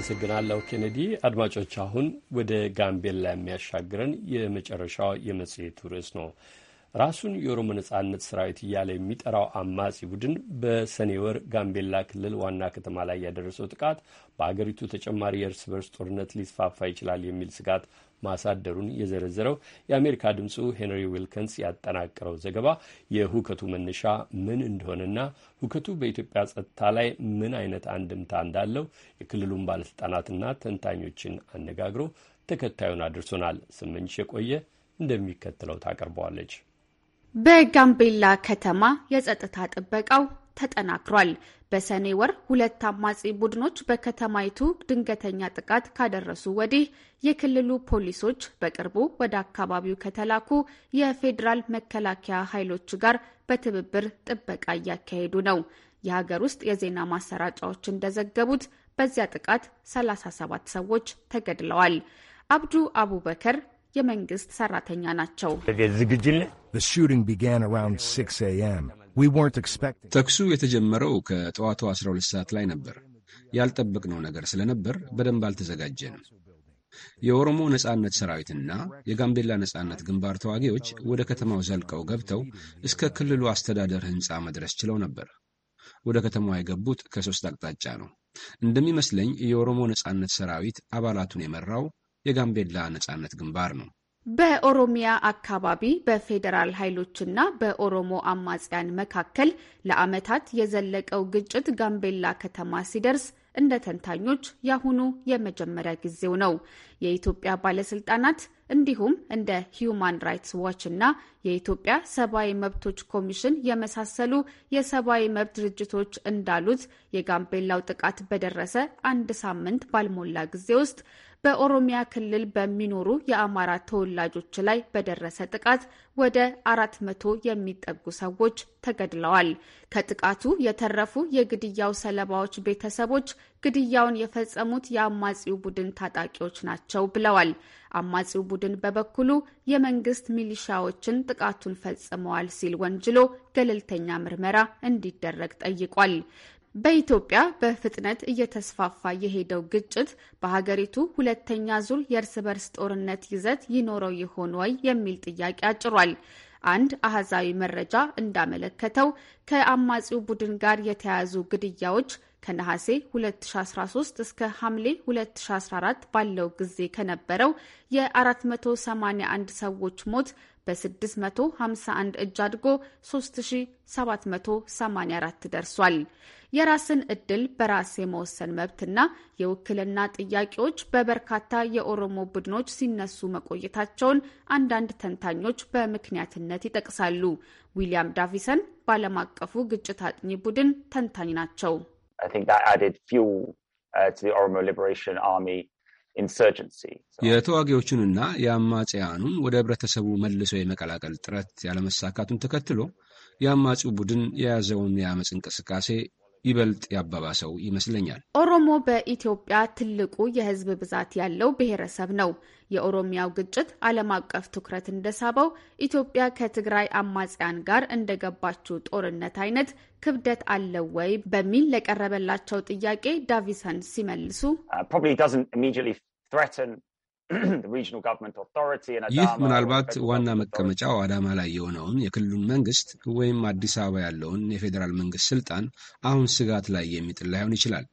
አመሰግናለሁ ኬኔዲ። አድማጮች አሁን ወደ ጋምቤላ የሚያሻግረን የመጨረሻው የመጽሔቱ ርዕስ ነው። ራሱን የኦሮሞ ነጻነት ሰራዊት እያለ የሚጠራው አማጺ ቡድን በሰኔ ወር ጋምቤላ ክልል ዋና ከተማ ላይ ያደረሰው ጥቃት በአገሪቱ ተጨማሪ የእርስ በርስ ጦርነት ሊስፋፋ ይችላል የሚል ስጋት ማሳደሩን የዘረዘረው የአሜሪካ ድምፁ ሄንሪ ዊልኪንስ ያጠናቀረው ዘገባ የሁከቱ መነሻ ምን እንደሆነና ሁከቱ በኢትዮጵያ ጸጥታ ላይ ምን አይነት አንድምታ እንዳለው የክልሉን ባለስልጣናትና ተንታኞችን አነጋግሮ ተከታዩን አድርሶናል። ስምንሽ የቆየ እንደሚከተለው ታቀርበዋለች። በጋምቤላ ከተማ የጸጥታ ጥበቃው ተጠናክሯል። በሰኔ ወር ሁለት አማጺ ቡድኖች በከተማይቱ ድንገተኛ ጥቃት ካደረሱ ወዲህ የክልሉ ፖሊሶች በቅርቡ ወደ አካባቢው ከተላኩ የፌዴራል መከላከያ ኃይሎች ጋር በትብብር ጥበቃ እያካሄዱ ነው። የሀገር ውስጥ የዜና ማሰራጫዎች እንደዘገቡት በዚያ ጥቃት 37 ሰዎች ተገድለዋል። አብዱ አቡበከር የመንግስት ሰራተኛ ናቸው። The shooting began around 6 a.m. ተኩሱ የተጀመረው ከጠዋቱ 12 ሰዓት ላይ ነበር። ያልጠበቅነው ነገር ስለነበር በደንብ አልተዘጋጀንም። የኦሮሞ ነጻነት ሰራዊትና የጋምቤላ ነጻነት ግንባር ተዋጊዎች ወደ ከተማው ዘልቀው ገብተው እስከ ክልሉ አስተዳደር ሕንፃ መድረስ ችለው ነበር። ወደ ከተማዋ የገቡት ከሦስት አቅጣጫ ነው። እንደሚመስለኝ የኦሮሞ ነጻነት ሰራዊት አባላቱን የመራው የጋምቤላ ነጻነት ግንባር ነው። በኦሮሚያ አካባቢ በፌዴራል ኃይሎችና በኦሮሞ አማጽያን መካከል ለዓመታት የዘለቀው ግጭት ጋምቤላ ከተማ ሲደርስ እንደ ተንታኞች ያሁኑ የመጀመሪያ ጊዜው ነው። የኢትዮጵያ ባለስልጣናት እንዲሁም እንደ ሂዩማን ራይትስ ዋች እና የኢትዮጵያ ሰብአዊ መብቶች ኮሚሽን የመሳሰሉ የሰብአዊ መብት ድርጅቶች እንዳሉት የጋምቤላው ጥቃት በደረሰ አንድ ሳምንት ባልሞላ ጊዜ ውስጥ በኦሮሚያ ክልል በሚኖሩ የአማራ ተወላጆች ላይ በደረሰ ጥቃት ወደ አራት መቶ የሚጠጉ ሰዎች ተገድለዋል። ከጥቃቱ የተረፉ የግድያው ሰለባዎች ቤተሰቦች ግድያውን የፈጸሙት የአማጺው ቡድን ታጣቂዎች ናቸው ብለዋል። አማጺው ቡድን በበኩሉ የመንግስት ሚሊሻዎችን ጥቃቱን ፈጽመዋል ሲል ወንጅሎ ገለልተኛ ምርመራ እንዲደረግ ጠይቋል። በኢትዮጵያ በፍጥነት እየተስፋፋ የሄደው ግጭት በሀገሪቱ ሁለተኛ ዙር የእርስ በርስ ጦርነት ይዘት ይኖረው ይሆን ወይ የሚል ጥያቄ አጭሯል። አንድ አሃዛዊ መረጃ እንዳመለከተው ከአማጺው ቡድን ጋር የተያያዙ ግድያዎች ከነሐሴ 2013 እስከ ሐምሌ 2014 ባለው ጊዜ ከነበረው የ481 ሰዎች ሞት በ651 እጅ አድጎ 3784 ደርሷል። የራስን እድል በራስ የመወሰን መብትና የውክልና ጥያቄዎች በበርካታ የኦሮሞ ቡድኖች ሲነሱ መቆየታቸውን አንዳንድ ተንታኞች በምክንያትነት ይጠቅሳሉ። ዊሊያም ዳቪሰን በዓለም አቀፉ ግጭት አጥኚ ቡድን ተንታኝ ናቸው። uh, የተዋጊዎቹንና የአማጽያኑን ወደ ህብረተሰቡ መልሶ የመቀላቀል ጥረት ያለመሳካቱን ተከትሎ የአማጺው ቡድን የያዘውን የአመፅ እንቅስቃሴ ይበልጥ ያባባሰው ይመስለኛል። ኦሮሞ በኢትዮጵያ ትልቁ የሕዝብ ብዛት ያለው ብሔረሰብ ነው። የኦሮሚያው ግጭት ዓለም አቀፍ ትኩረት እንደሳበው ኢትዮጵያ ከትግራይ አማጽያን ጋር እንደገባችው ጦርነት አይነት ክብደት አለው ወይ በሚል ለቀረበላቸው ጥያቄ ዳቪሰን ሲመልሱ uh, ይህ ምናልባት ዋና መቀመጫው አዳማ ላይ የሆነውን የክልሉን መንግስት ወይም አዲስ አበባ ያለውን የፌዴራል መንግስት ስልጣን አሁን ስጋት ላይ የሚጥል ላይሆን ይችላል።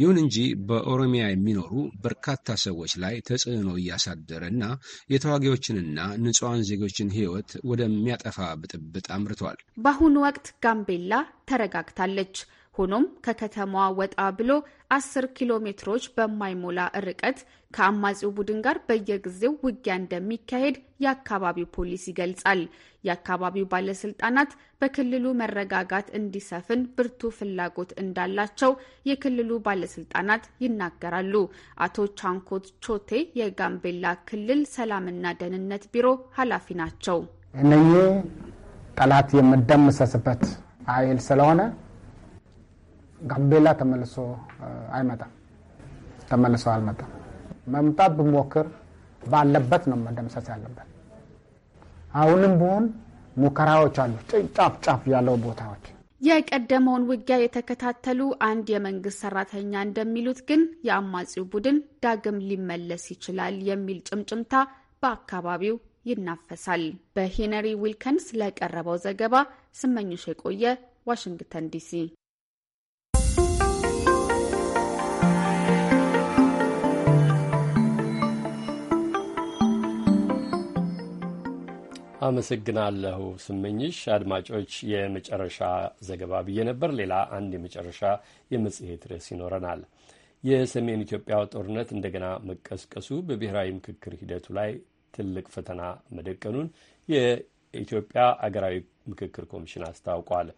ይሁን እንጂ በኦሮሚያ የሚኖሩ በርካታ ሰዎች ላይ ተጽዕኖ እያሳደረ እና የተዋጊዎችንና ንጹሐን ዜጎችን ሕይወት ወደሚያጠፋ ብጥብጥ አምርቷል። በአሁኑ ወቅት ጋምቤላ ተረጋግታለች። ሆኖም ከከተማዋ ወጣ ብሎ አስር ኪሎ ሜትሮች በማይሞላ ርቀት ከአማጺው ቡድን ጋር በየጊዜው ውጊያ እንደሚካሄድ የአካባቢው ፖሊስ ይገልጻል። የአካባቢው ባለስልጣናት በክልሉ መረጋጋት እንዲሰፍን ብርቱ ፍላጎት እንዳላቸው የክልሉ ባለስልጣናት ይናገራሉ። አቶ ቻንኮት ቾቴ የጋምቤላ ክልል ሰላምና ደህንነት ቢሮ ኃላፊ ናቸው። እነኚህ ጠላት የምደምሰስበት ኃይል ስለሆነ ጋምቤላ ተመልሶ አይመጣም፣ ተመልሶ አልመጣም። መምጣት ብሞክር ባለበት ነው መደምሰስ ያለበት። አሁንም ቢሆን ሙከራዎች አሉ፣ ጫፍ ጫፍ ያለው ቦታዎች የቀደመውን ውጊያ የተከታተሉ አንድ የመንግስት ሰራተኛ እንደሚሉት ግን የአማጺው ቡድን ዳግም ሊመለስ ይችላል የሚል ጭምጭምታ በአካባቢው ይናፈሳል። በሄነሪ ዊልከንስ ለቀረበው ዘገባ ስመኞሽ የቆየ ዋሽንግተን ዲሲ አመሰግናለሁ ስመኝሽ። አድማጮች፣ የመጨረሻ ዘገባ ብዬ ነበር። ሌላ አንድ የመጨረሻ የመጽሔት ርዕስ ይኖረናል። የሰሜን ኢትዮጵያው ጦርነት እንደገና መቀስቀሱ በብሔራዊ ምክክር ሂደቱ ላይ ትልቅ ፈተና መደቀኑን የኢትዮጵያ አገራዊ ምክክር ኮሚሽን አስታውቋል።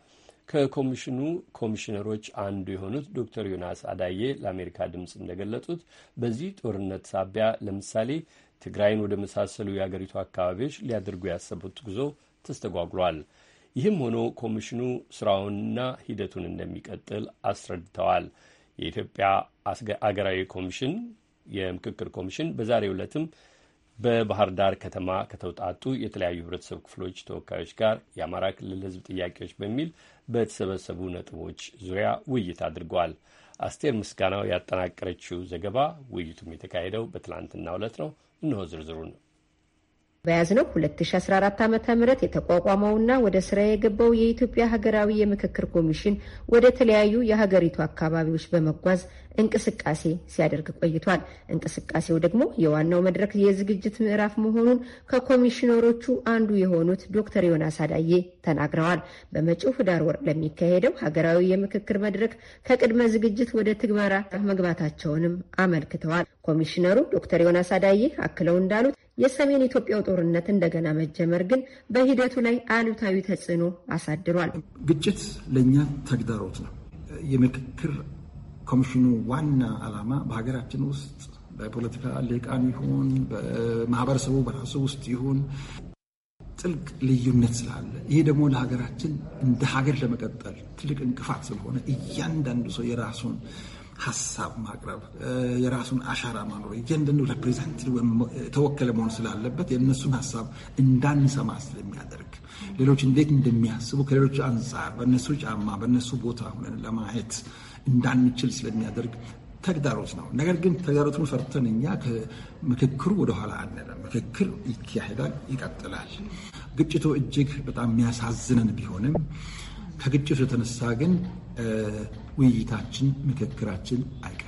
ከኮሚሽኑ ኮሚሽነሮች አንዱ የሆኑት ዶክተር ዮናስ አዳዬ ለአሜሪካ ድምፅ እንደገለጡት በዚህ ጦርነት ሳቢያ ለምሳሌ ትግራይን ወደ መሳሰሉ የአገሪቱ አካባቢዎች ሊያደርጉ ያሰቡት ጉዞ ተስተጓጉሏል። ይህም ሆኖ ኮሚሽኑ ስራውንና ሂደቱን እንደሚቀጥል አስረድተዋል። የኢትዮጵያ አገራዊ ኮሚሽን የምክክር ኮሚሽን በዛሬው ዕለትም በባህር ዳር ከተማ ከተውጣጡ የተለያዩ ህብረተሰብ ክፍሎች ተወካዮች ጋር የአማራ ክልል ህዝብ ጥያቄዎች በሚል በተሰበሰቡ ነጥቦች ዙሪያ ውይይት አድርጓል። አስቴር ምስጋናው ያጠናቀረችው ዘገባ ውይይቱም የተካሄደው በትላንትናው ዕለት ነው። እንሆ ዝርዝሩን በያዝነው 2014 ዓ ም የተቋቋመውና ወደ ስራ የገባው የኢትዮጵያ ሀገራዊ የምክክር ኮሚሽን ወደ ተለያዩ የሀገሪቱ አካባቢዎች በመጓዝ እንቅስቃሴ ሲያደርግ ቆይቷል። እንቅስቃሴው ደግሞ የዋናው መድረክ የዝግጅት ምዕራፍ መሆኑን ከኮሚሽነሮቹ አንዱ የሆኑት ዶክተር ዮናስ አዳዬ ተናግረዋል። በመጪው ህዳር ወር ለሚካሄደው ሀገራዊ የምክክር መድረክ ከቅድመ ዝግጅት ወደ ትግበራ መግባታቸውንም አመልክተዋል። ኮሚሽነሩ ዶክተር ዮናስ አዳዬ አክለው እንዳሉት የሰሜን ኢትዮጵያው ጦርነት እንደገና መጀመር ግን በሂደቱ ላይ አሉታዊ ተጽዕኖ አሳድሯል። ግጭት ለእኛ ተግዳሮት ነው። የምክክር ኮሚሽኑ ዋና ዓላማ በሀገራችን ውስጥ በፖለቲካ ሊቃን ይሁን በማህበረሰቡ በራሱ ውስጥ ይሁን ጥልቅ ልዩነት ስላለ ይሄ ደግሞ ለሀገራችን እንደ ሀገር ለመቀጠል ትልቅ እንቅፋት ስለሆነ እያንዳንዱ ሰው የራሱን ሀሳብ ማቅረብ የራሱን አሻራ ማኖር እያንዳንዱ ሬፕሬዘንት ተወከለ መሆን ስላለበት የእነሱን ሀሳብ እንዳንሰማ ስለሚያደርግ ሌሎች እንዴት እንደሚያስቡ ከሌሎች አንጻር በእነሱ ጫማ በእነሱ ቦታ ሆነን ለማየት እንዳንችል ስለሚያደርግ ተግዳሮት ነው። ነገር ግን ተግዳሮቱን ፈርተን እኛ ከምክክሩ ወደኋላ አንልም። ምክክር ይካሄዳል፣ ይቀጥላል። ግጭቱ እጅግ በጣም የሚያሳዝነን ቢሆንም ከግጭቱ የተነሳ ግን ውይይታችን፣ ምክክራችን አይቀርም።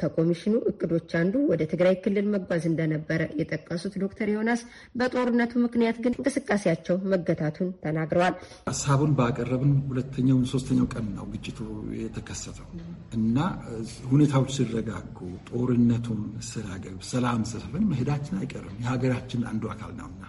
ከኮሚሽኑ እቅዶች አንዱ ወደ ትግራይ ክልል መጓዝ እንደነበረ የጠቀሱት ዶክተር ዮናስ በጦርነቱ ምክንያት ግን እንቅስቃሴያቸው መገታቱን ተናግረዋል። ሀሳቡን ባቀረብን ሁለተኛውን ሶስተኛው ቀን ነው ግጭቱ የተከሰተው እና ሁኔታዎች ሲረጋጉ ጦርነቱን ስላገብ ሰላም ስሰፍን መሄዳችን አይቀርም የሀገራችን አንዱ አካል ነውና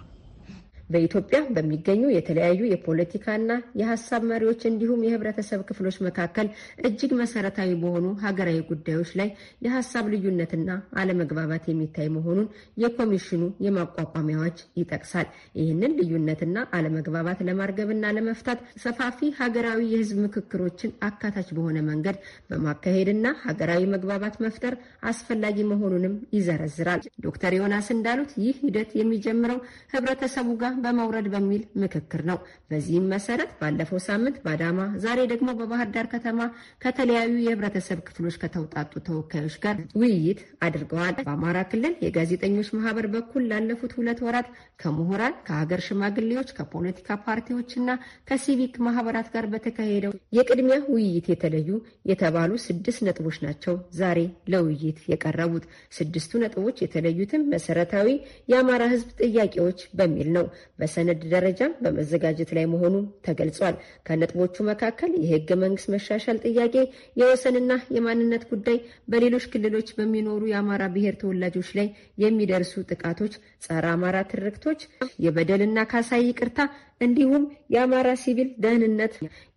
በኢትዮጵያ በሚገኙ የተለያዩ የፖለቲካና የሀሳብ መሪዎች እንዲሁም የህብረተሰብ ክፍሎች መካከል እጅግ መሰረታዊ በሆኑ ሀገራዊ ጉዳዮች ላይ የሀሳብ ልዩነትና አለመግባባት የሚታይ መሆኑን የኮሚሽኑ የማቋቋሚያዎች ይጠቅሳል። ይህንን ልዩነትና አለመግባባት ለማርገብና ለመፍታት ሰፋፊ ሀገራዊ የህዝብ ምክክሮችን አካታች በሆነ መንገድ በማካሄድና ሀገራዊ መግባባት መፍጠር አስፈላጊ መሆኑንም ይዘረዝራል። ዶክተር ዮናስ እንዳሉት ይህ ሂደት የሚጀምረው ህብረተሰቡ ጋር በመውረድ በሚል ምክክር ነው። በዚህም መሰረት ባለፈው ሳምንት በአዳማ ዛሬ ደግሞ በባህር ዳር ከተማ ከተለያዩ የህብረተሰብ ክፍሎች ከተውጣጡ ተወካዮች ጋር ውይይት አድርገዋል። በአማራ ክልል የጋዜጠኞች ማህበር በኩል ላለፉት ሁለት ወራት ከምሁራን፣ ከሀገር ሽማግሌዎች፣ ከፖለቲካ ፓርቲዎች እና ከሲቪክ ማህበራት ጋር በተካሄደው የቅድሚያ ውይይት የተለዩ የተባሉ ስድስት ነጥቦች ናቸው ዛሬ ለውይይት የቀረቡት። ስድስቱ ነጥቦች የተለዩትም መሰረታዊ የአማራ ህዝብ ጥያቄዎች በሚል ነው። በሰነድ ደረጃም በመዘጋጀት ላይ መሆኑ ተገልጿል። ከነጥቦቹ መካከል የህገ መንግስት መሻሻል ጥያቄ፣ የወሰንና የማንነት ጉዳይ፣ በሌሎች ክልሎች በሚኖሩ የአማራ ብሔር ተወላጆች ላይ የሚደርሱ ጥቃቶች፣ ጸረ አማራ ትርክቶች፣ የበደልና ካሳ ይቅርታ እንዲሁም የአማራ ሲቪል ደህንነት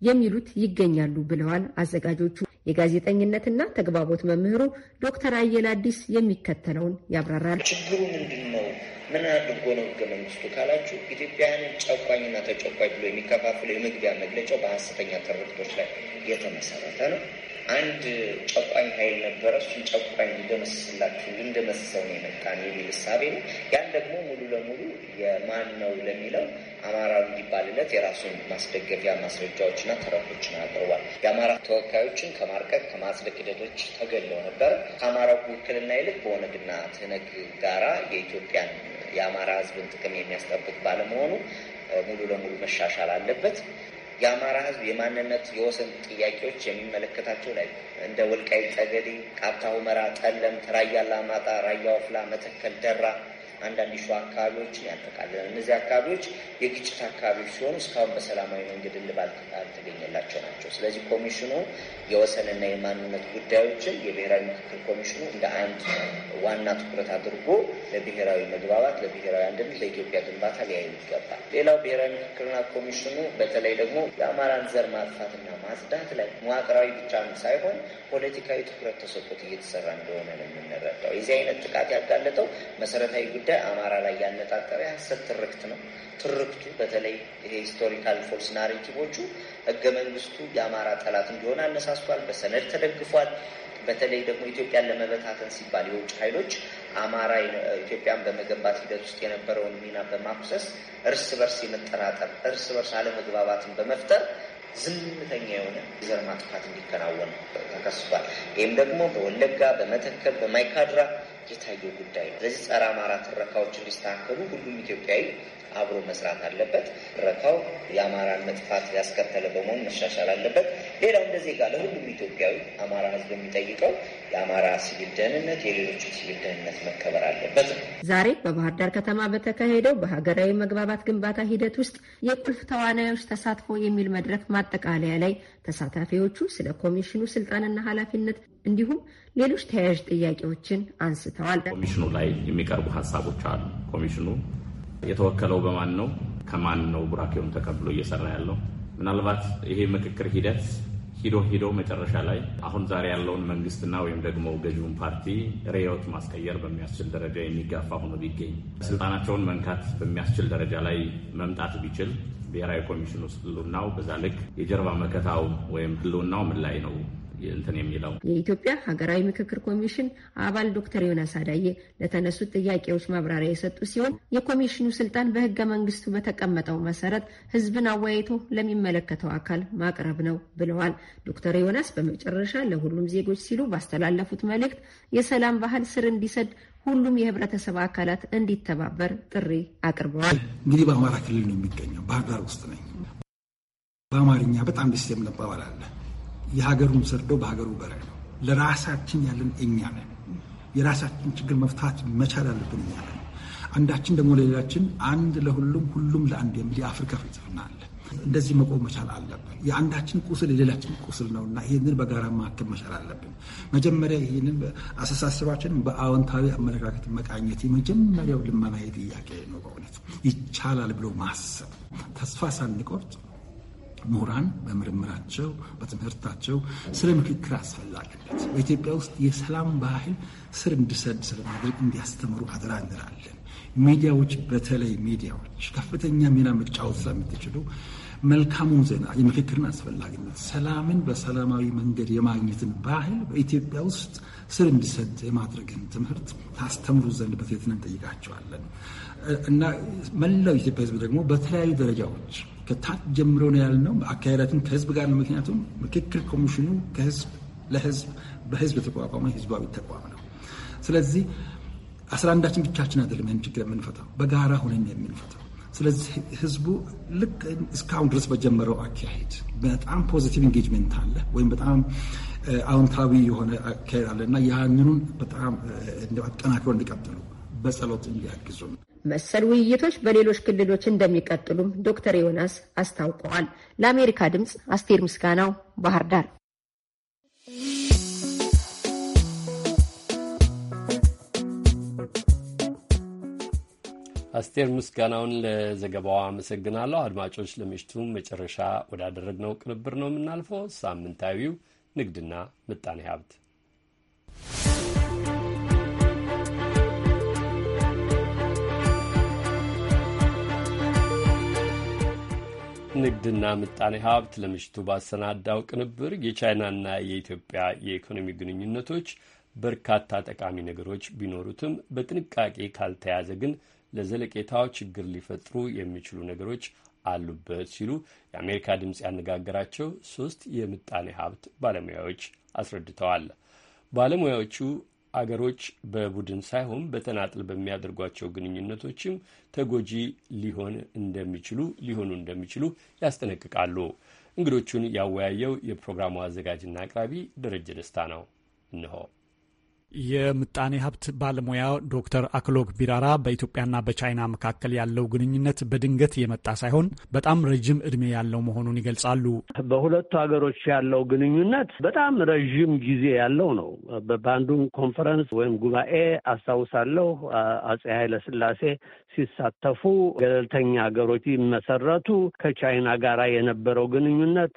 የሚሉት ይገኛሉ ብለዋል አዘጋጆቹ። የጋዜጠኝነትና ተግባቦት መምህሩ ዶክተር አየል አዲስ የሚከተለውን ያብራራል። ችግሩ ምንድን ነው? ምን አድርጎ ነው ህገ መንግስቱ ካላችሁ ኢትዮጵያውያንን ጨቋኝና ተጨቋኝ ብሎ የሚከፋፍለው የመግቢያ መግለጫው በሀሰተኛ ትርክቶች ላይ የተመሰረተ ነው። አንድ ጨቋኝ ኃይል ነበረ። እሱን ጨቋኝ ሊደመስስላችሁ ልንደመስሰው ነው የመጣን የሚል እሳቤ ነው። ያን ደግሞ ሙሉ ለሙሉ የማን ነው ለሚለው አማራ እንዲባልለት የራሱን ማስደገፊያ ማስረጃዎችና ተረቶችን አቅርቧል። የአማራ ተወካዮችን ከማርቀቅ ከማጽደቅ ሂደቶች ተገለው ነበር። ከአማራው ውክልና ይልቅ በኦነግና ትህነግ ጋራ የኢትዮጵያን የአማራ ሕዝብን ጥቅም የሚያስጠብቅ ባለመሆኑ ሙሉ ለሙሉ መሻሻል አለበት። የአማራ ህዝብ የማንነት የወሰን ጥያቄዎች የሚመለከታቸው ላይ እንደ ውልቃይ ጠገዴ፣ ቃብታ ሁመራ፣ ጠለምት፣ ራያ አላማጣ፣ ራያ ወፍላ፣ መተከል፣ ደራ አንዳንድ የሸዋ አካባቢዎችን ያጠቃልላል። እነዚህ አካባቢዎች የግጭት አካባቢዎች ሲሆኑ እስካሁን በሰላማዊ መንገድ እልባት አልተገኘላቸው ናቸው። ስለዚህ ኮሚሽኑ የወሰንና የማንነት ጉዳዮችን የብሔራዊ ምክክር ኮሚሽኑ እንደ አንድ ዋና ትኩረት አድርጎ ለብሔራዊ መግባባት፣ ለብሔራዊ አንድነት፣ ለኢትዮጵያ ግንባታ ሊያዩ ይገባል። ሌላው ብሔራዊ ምክክርና ኮሚሽኑ በተለይ ደግሞ የአማራን ዘር ማጥፋትና ማጽዳት ላይ መዋቅራዊ ብቻ ሳይሆን ፖለቲካዊ ትኩረት ተሰጥቶት እየተሰራ እንደሆነ ነው የምንረዳው። የዚህ አይነት ጥቃት ያጋለጠው መሰረታዊ ጉዳይ ጉዳይ አማራ ላይ ያነጣጠረ የሀሰት ትርክት ነው። ትርክቱ በተለይ ይሄ ሂስቶሪካል ፎልስ ናሬቲቮቹ ህገ መንግስቱ የአማራ ጠላት እንዲሆን አነሳስቷል፣ በሰነድ ተደግፏል። በተለይ ደግሞ ኢትዮጵያን ለመበታተን ሲባል የውጭ ኃይሎች አማራ ኢትዮጵያን በመገንባት ሂደት ውስጥ የነበረውን ሚና በማኩሰስ እርስ በርስ የመጠራጠር እርስ በርስ አለመግባባትን በመፍጠር ዝምተኛ የሆነ የዘር ማጥፋት እንዲከናወን ተከስቷል። ይህም ደግሞ በወለጋ በመተከል በማይካድራ የታየው ጉዳይ ነው። ስለዚህ ጸረ አማራ ትረካዎች እንዲስተካከሉ ሁሉም ኢትዮጵያዊ አብሮ መስራት አለበት። ረካው የአማራን መጥፋት ያስከተለ በመሆኑ መሻሻል አለበት። ሌላው እንደዚህ ጋር ለሁሉም ኢትዮጵያዊ አማራ ህዝብ የሚጠይቀው የአማራ ሲቪል ደህንነት፣ የሌሎች ሲቪል ደህንነት መከበር አለበት ነው። ዛሬ በባህር ዳር ከተማ በተካሄደው በሀገራዊ መግባባት ግንባታ ሂደት ውስጥ የቁልፍ ተዋናዮች ተሳትፎ የሚል መድረክ ማጠቃለያ ላይ ተሳታፊዎቹ ስለ ኮሚሽኑ ስልጣንና ኃላፊነት እንዲሁም ሌሎች ተያያዥ ጥያቄዎችን አንስተዋል። ኮሚሽኑ ላይ የሚቀርቡ ሀሳቦች አሉ። ኮሚሽኑ የተወከለው በማን ነው? ከማን ነው ቡራኬውን ተቀብሎ እየሰራ ያለው? ምናልባት ይሄ ምክክር ሂደት ሂዶ ሂዶ መጨረሻ ላይ አሁን ዛሬ ያለውን መንግስትና ወይም ደግሞ ገዥውን ፓርቲ ርዕዮት ማስቀየር በሚያስችል ደረጃ የሚጋፋ ሆኖ ቢገኝ ስልጣናቸውን መንካት በሚያስችል ደረጃ ላይ መምጣት ቢችል ብሔራዊ ኮሚሽን ውስጥ ህልውናው በዛ ልክ የጀርባ መከታው ወይም ህልውናው ምን ላይ ነው እንትን የሚለው የኢትዮጵያ ሀገራዊ ምክክር ኮሚሽን አባል ዶክተር ዮናስ አዳዬ ለተነሱት ጥያቄዎች ማብራሪያ የሰጡ ሲሆን የኮሚሽኑ ስልጣን በህገ መንግስቱ በተቀመጠው መሰረት ህዝብን አወያይቶ ለሚመለከተው አካል ማቅረብ ነው ብለዋል። ዶክተር ዮናስ በመጨረሻ ለሁሉም ዜጎች ሲሉ ባስተላለፉት መልእክት የሰላም ባህል ስር እንዲሰድ ሁሉም የህብረተሰብ አካላት እንዲተባበር ጥሪ አቅርበዋል። እንግዲህ በአማራ ክልል ነው የሚገኘው፣ ባህር ዳር ውስጥ ነኝ። በአማርኛ በጣም ደስ የሚል አባባል የሀገሩን ሰርዶ በሀገሩ በረ ነው። ለራሳችን ያለን እኛ ነን። የራሳችን ችግር መፍታት መቻል አለብን እኛ ነን። አንዳችን ደግሞ ለሌላችን፣ አንድ ለሁሉም ሁሉም ለአንድ የሚል የአፍሪካ ፍልስፍና አለ። እንደዚህ መቆም መቻል አለብን። የአንዳችን ቁስል የሌላችን ቁስል ነውና ይህንን በጋራ ማከም መቻል አለብን። መጀመሪያ ይህንን አስተሳሰባችንን በአዎንታዊ አመለካከት መቃኘት የመጀመሪያው ልመና ጥያቄ ነው። በእውነት ይቻላል ብሎ ማሰብ ተስፋ ሳንቆርጥ ምሁራን በምርምራቸው በትምህርታቸው ስለ ምክክር አስፈላጊነት በኢትዮጵያ ውስጥ የሰላም ባህል ስር እንዲሰድ ስለማድረግ እንዲያስተምሩ አደራ እንላለን። ሚዲያዎች፣ በተለይ ሚዲያዎች ከፍተኛ ሚና መጫወት ስለምትችሉ መልካሙን ዜና፣ የምክክርን አስፈላጊነት፣ ሰላምን በሰላማዊ መንገድ የማግኘትን ባህል በኢትዮጵያ ውስጥ ስር እንዲሰድ የማድረግን ትምህርት ታስተምሩ ዘንድ በትህትና እንጠይቃቸዋለን እና መላው ኢትዮጵያ ሕዝብ ደግሞ በተለያዩ ደረጃዎች ከታች ጀምሮ ነው ያልነው። አካሄዳችን ከህዝብ ጋር ነው። ምክንያቱም ምክክር ኮሚሽኑ ከህዝብ ለህዝብ በህዝብ የተቋቋመ ህዝባዊ ተቋም ነው። ስለዚህ አስራ አንዳችን ብቻችን አይደለም ይህን ችግር የምንፈታው በጋራ ሆነን የምንፈታው። ስለዚህ ህዝቡ ልክ እስካሁን ድረስ በጀመረው አካሄድ በጣም ፖዚቲቭ ኢንጌጅሜንት አለ ወይም በጣም አዎንታዊ የሆነ አካሄድ አለ እና ያንኑን በጣም አጠናክሮ እንዲቀጥሉ በጸሎት እንዲያግዙ መሰል ውይይቶች በሌሎች ክልሎች እንደሚቀጥሉም ዶክተር ዮናስ አስታውቀዋል። ለአሜሪካ ድምፅ አስቴር ምስጋናው ባህር ዳር። አስቴር ምስጋናውን ለዘገባዋ አመሰግናለሁ። አድማጮች፣ ለምሽቱ መጨረሻ ወዳደረግነው ቅንብር ነው የምናልፈው። ሳምንታዊው ንግድና ምጣኔ ሀብት ንግድና ምጣኔ ሀብት ለምሽቱ ባሰናዳው ቅንብር የቻይናና የኢትዮጵያ የኢኮኖሚ ግንኙነቶች በርካታ ጠቃሚ ነገሮች ቢኖሩትም በጥንቃቄ ካልተያዘ ግን ለዘለቄታው ችግር ሊፈጥሩ የሚችሉ ነገሮች አሉበት ሲሉ የአሜሪካ ድምፅ ያነጋገራቸው ሶስት የምጣኔ ሀብት ባለሙያዎች አስረድተዋል። ባለሙያዎቹ አገሮች በቡድን ሳይሆን በተናጥል በሚያደርጓቸው ግንኙነቶችም ተጎጂ ሊሆን እንደሚችሉ ሊሆኑ እንደሚችሉ ያስጠነቅቃሉ። እንግዶቹን ያወያየው የፕሮግራሙ አዘጋጅና አቅራቢ ደረጀ ደስታ ነው። እንሆ የምጣኔ ሀብት ባለሙያ ዶክተር አክሎግ ቢራራ በኢትዮጵያና በቻይና መካከል ያለው ግንኙነት በድንገት የመጣ ሳይሆን በጣም ረዥም እድሜ ያለው መሆኑን ይገልጻሉ። በሁለቱ ሀገሮች ያለው ግንኙነት በጣም ረዥም ጊዜ ያለው ነው። በባንዱን ኮንፈረንስ ወይም ጉባኤ አስታውሳለሁ። አጼ ኃይለስላሴ ሲሳተፉ፣ ገለልተኛ ሀገሮች ሲመሰረቱ ከቻይና ጋር የነበረው ግንኙነት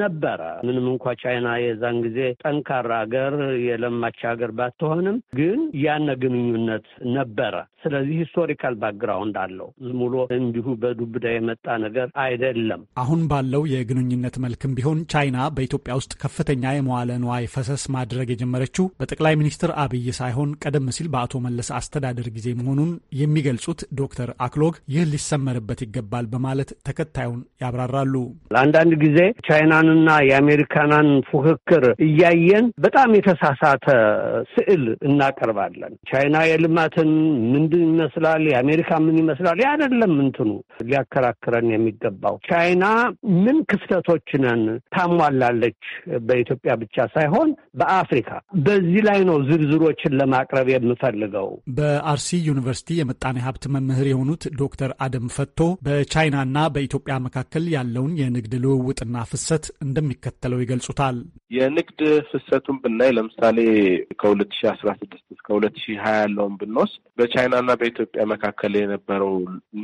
ነበረ። ምንም እንኳ ቻይና የዛን ጊዜ ጠንካራ ሀገር የለማች ሀገር ባትሆንም ግን ያነ ግንኙነት ነበረ። ስለዚህ ሂስቶሪካል ባክግራውንድ አለው። ዝም ብሎ እንዲሁ በዱብዳ የመጣ ነገር አይደለም። አሁን ባለው የግንኙነት መልክም ቢሆን ቻይና በኢትዮጵያ ውስጥ ከፍተኛ የመዋለ ንዋይ ፈሰስ ማድረግ የጀመረችው በጠቅላይ ሚኒስትር አብይ ሳይሆን ቀደም ሲል በአቶ መለስ አስተዳደር ጊዜ መሆኑን የሚገልጹት ዶክተር አክሎግ ይህ ሊሰመርበት ይገባል በማለት ተከታዩን ያብራራሉ። ለአንዳንድ ጊዜ ቻይናንና የአሜሪካናን ፉክክር እያየን በጣም የተሳሳተ ስዕል እናቀርባለን። ቻይና የልማትን ምንድን ይመስላል፣ የአሜሪካ ምን ይመስላል? አይደለም እንትኑ ሊያከራክረን የሚገባው ቻይና ምን ክፍተቶችንን ታሟላለች በኢትዮጵያ ብቻ ሳይሆን በአፍሪካ። በዚህ ላይ ነው ዝርዝሮችን ለማቅረብ የምፈልገው። በአርሲ ዩኒቨርሲቲ የምጣኔ ሀብት መ መምህር የሆኑት ዶክተር አደም ፈቶ በቻይናና በኢትዮጵያ መካከል ያለውን የንግድ ልውውጥና ፍሰት እንደሚከተለው ይገልጹታል። የንግድ ፍሰቱን ብናይ ለምሳሌ ከሁለት ሺ አስራ ስድስት እስከ ሁለት ሺ ሀያ ያለውን ብንወስድ በቻይናና በኢትዮጵያ መካከል የነበረው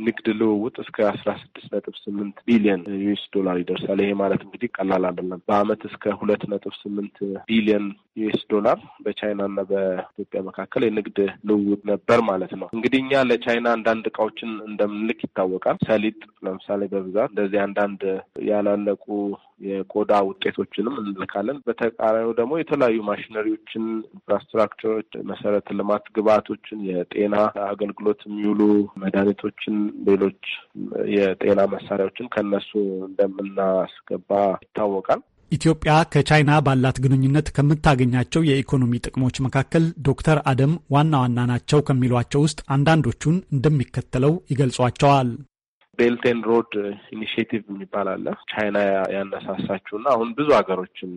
ንግድ ልውውጥ እስከ አስራ ስድስት ነጥብ ስምንት ቢሊዮን ዩኤስ ዶላር ይደርሳል። ይሄ ማለት እንግዲህ ቀላል አይደለም። በአመት እስከ ሁለት ነጥብ ስምንት ቢሊዮን ዩኤስ ዶላር በቻይናና በኢትዮጵያ መካከል የንግድ ልውውጥ ነበር ማለት ነው። እንግዲህ እኛ ለቻይና አንዳንድ እቃዎችን እንደምንልክ ይታወቃል። ሰሊጥ ለምሳሌ በብዛት እንደዚህ አንዳንድ ያላለቁ የቆዳ ውጤቶችንም እንልካለን። በተቃራኒው ደግሞ የተለያዩ ማሽነሪዎችን፣ ኢንፍራስትራክቸሮች፣ መሰረተ ልማት ግብዓቶችን፣ የጤና አገልግሎት የሚውሉ መድኃኒቶችን፣ ሌሎች የጤና መሳሪያዎችን ከነሱ እንደምናስገባ ይታወቃል። ኢትዮጵያ ከቻይና ባላት ግንኙነት ከምታገኛቸው የኢኮኖሚ ጥቅሞች መካከል ዶክተር አደም ዋና ዋና ናቸው ከሚሏቸው ውስጥ አንዳንዶቹን እንደሚከተለው ይገልጿቸዋል። ቤልት ኤንድ ሮድ ኢኒሽቲቭ የሚባል አለ። ቻይና ያነሳሳችው እና አሁን ብዙ ሀገሮችን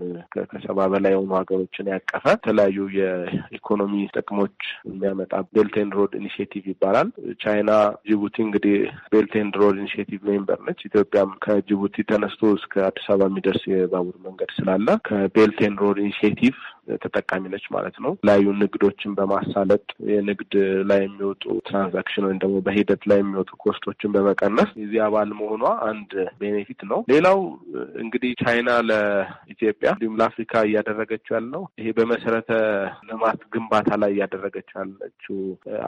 ከሰባ በላይ የሆኑ ሀገሮችን ያቀፈ የተለያዩ የኢኮኖሚ ጥቅሞች የሚያመጣ ቤልት ኤንድ ሮድ ኢኒሽቲቭ ይባላል። ቻይና ጅቡቲ እንግዲህ ቤልት ኤንድ ሮድ ኢኒሽቲቭ ሜምበር ነች። ኢትዮጵያም ከጅቡቲ ተነስቶ እስከ አዲስ አበባ የሚደርስ የባቡር መንገድ ስላለ ከቤልት ኤንድ ሮድ ኢኒሽቲቭ ተጠቃሚ ነች ማለት ነው። የተለያዩ ንግዶችን በማሳለጥ የንግድ ላይ የሚወጡ ትራንዛክሽን ወይም ደግሞ በሂደት ላይ የሚወጡ ኮስቶችን በመቀነስ የዚህ አባል መሆኗ አንድ ቤኔፊት ነው። ሌላው እንግዲህ ቻይና ለኢትዮጵያ እንዲሁም ለአፍሪካ እያደረገችው ያለው ይሄ በመሰረተ ልማት ግንባታ ላይ እያደረገችው ያለችው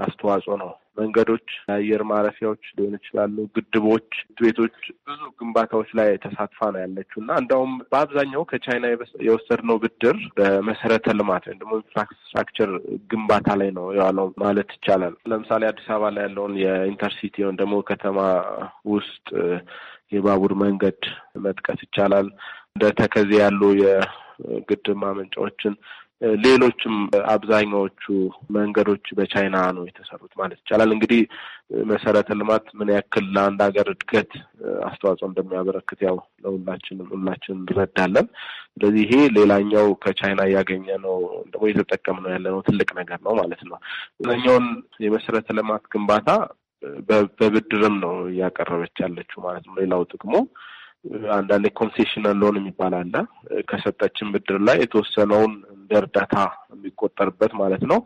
አስተዋጽኦ ነው። መንገዶች፣ አየር ማረፊያዎች ሊሆን ይችላሉ፣ ግድቦች፣ ቤቶች፣ ብዙ ግንባታዎች ላይ ተሳትፋ ነው ያለችው እና እንዳውም በአብዛኛው ከቻይና የወሰድነው ብድር በመሰረተ ልማት ወይም ደግሞ ኢንፍራስትራክቸር ግንባታ ላይ ነው የዋለው ማለት ይቻላል። ለምሳሌ አዲስ አበባ ላይ ያለውን የኢንተርሲቲ ወይም ደግሞ ከተማ ውስጥ የባቡር መንገድ መጥቀስ ይቻላል። እንደ ተከዜ ያሉ የግድብ ማመንጫዎችን ሌሎችም አብዛኛዎቹ መንገዶች በቻይና ነው የተሰሩት ማለት ይቻላል። እንግዲህ መሰረተ ልማት ምን ያክል ለአንድ ሀገር እድገት አስተዋጽኦ እንደሚያበረክት ያው ለሁላችንም ሁላችን እንረዳለን። ስለዚህ ይሄ ሌላኛው ከቻይና እያገኘ ነው ደግሞ እየተጠቀም ነው ያለነው ትልቅ ነገር ነው ማለት ነው። ኛውን የመሰረተ ልማት ግንባታ በብድርም ነው እያቀረበች ያለችው ማለት ነው። ሌላው ጥቅሙ አንዳንድ ኮንሴሽናል ሎን የሚባል አለ። ከሰጠችን ብድር ላይ የተወሰነውን እንደ እርዳታ የሚቆጠርበት ማለት ነው።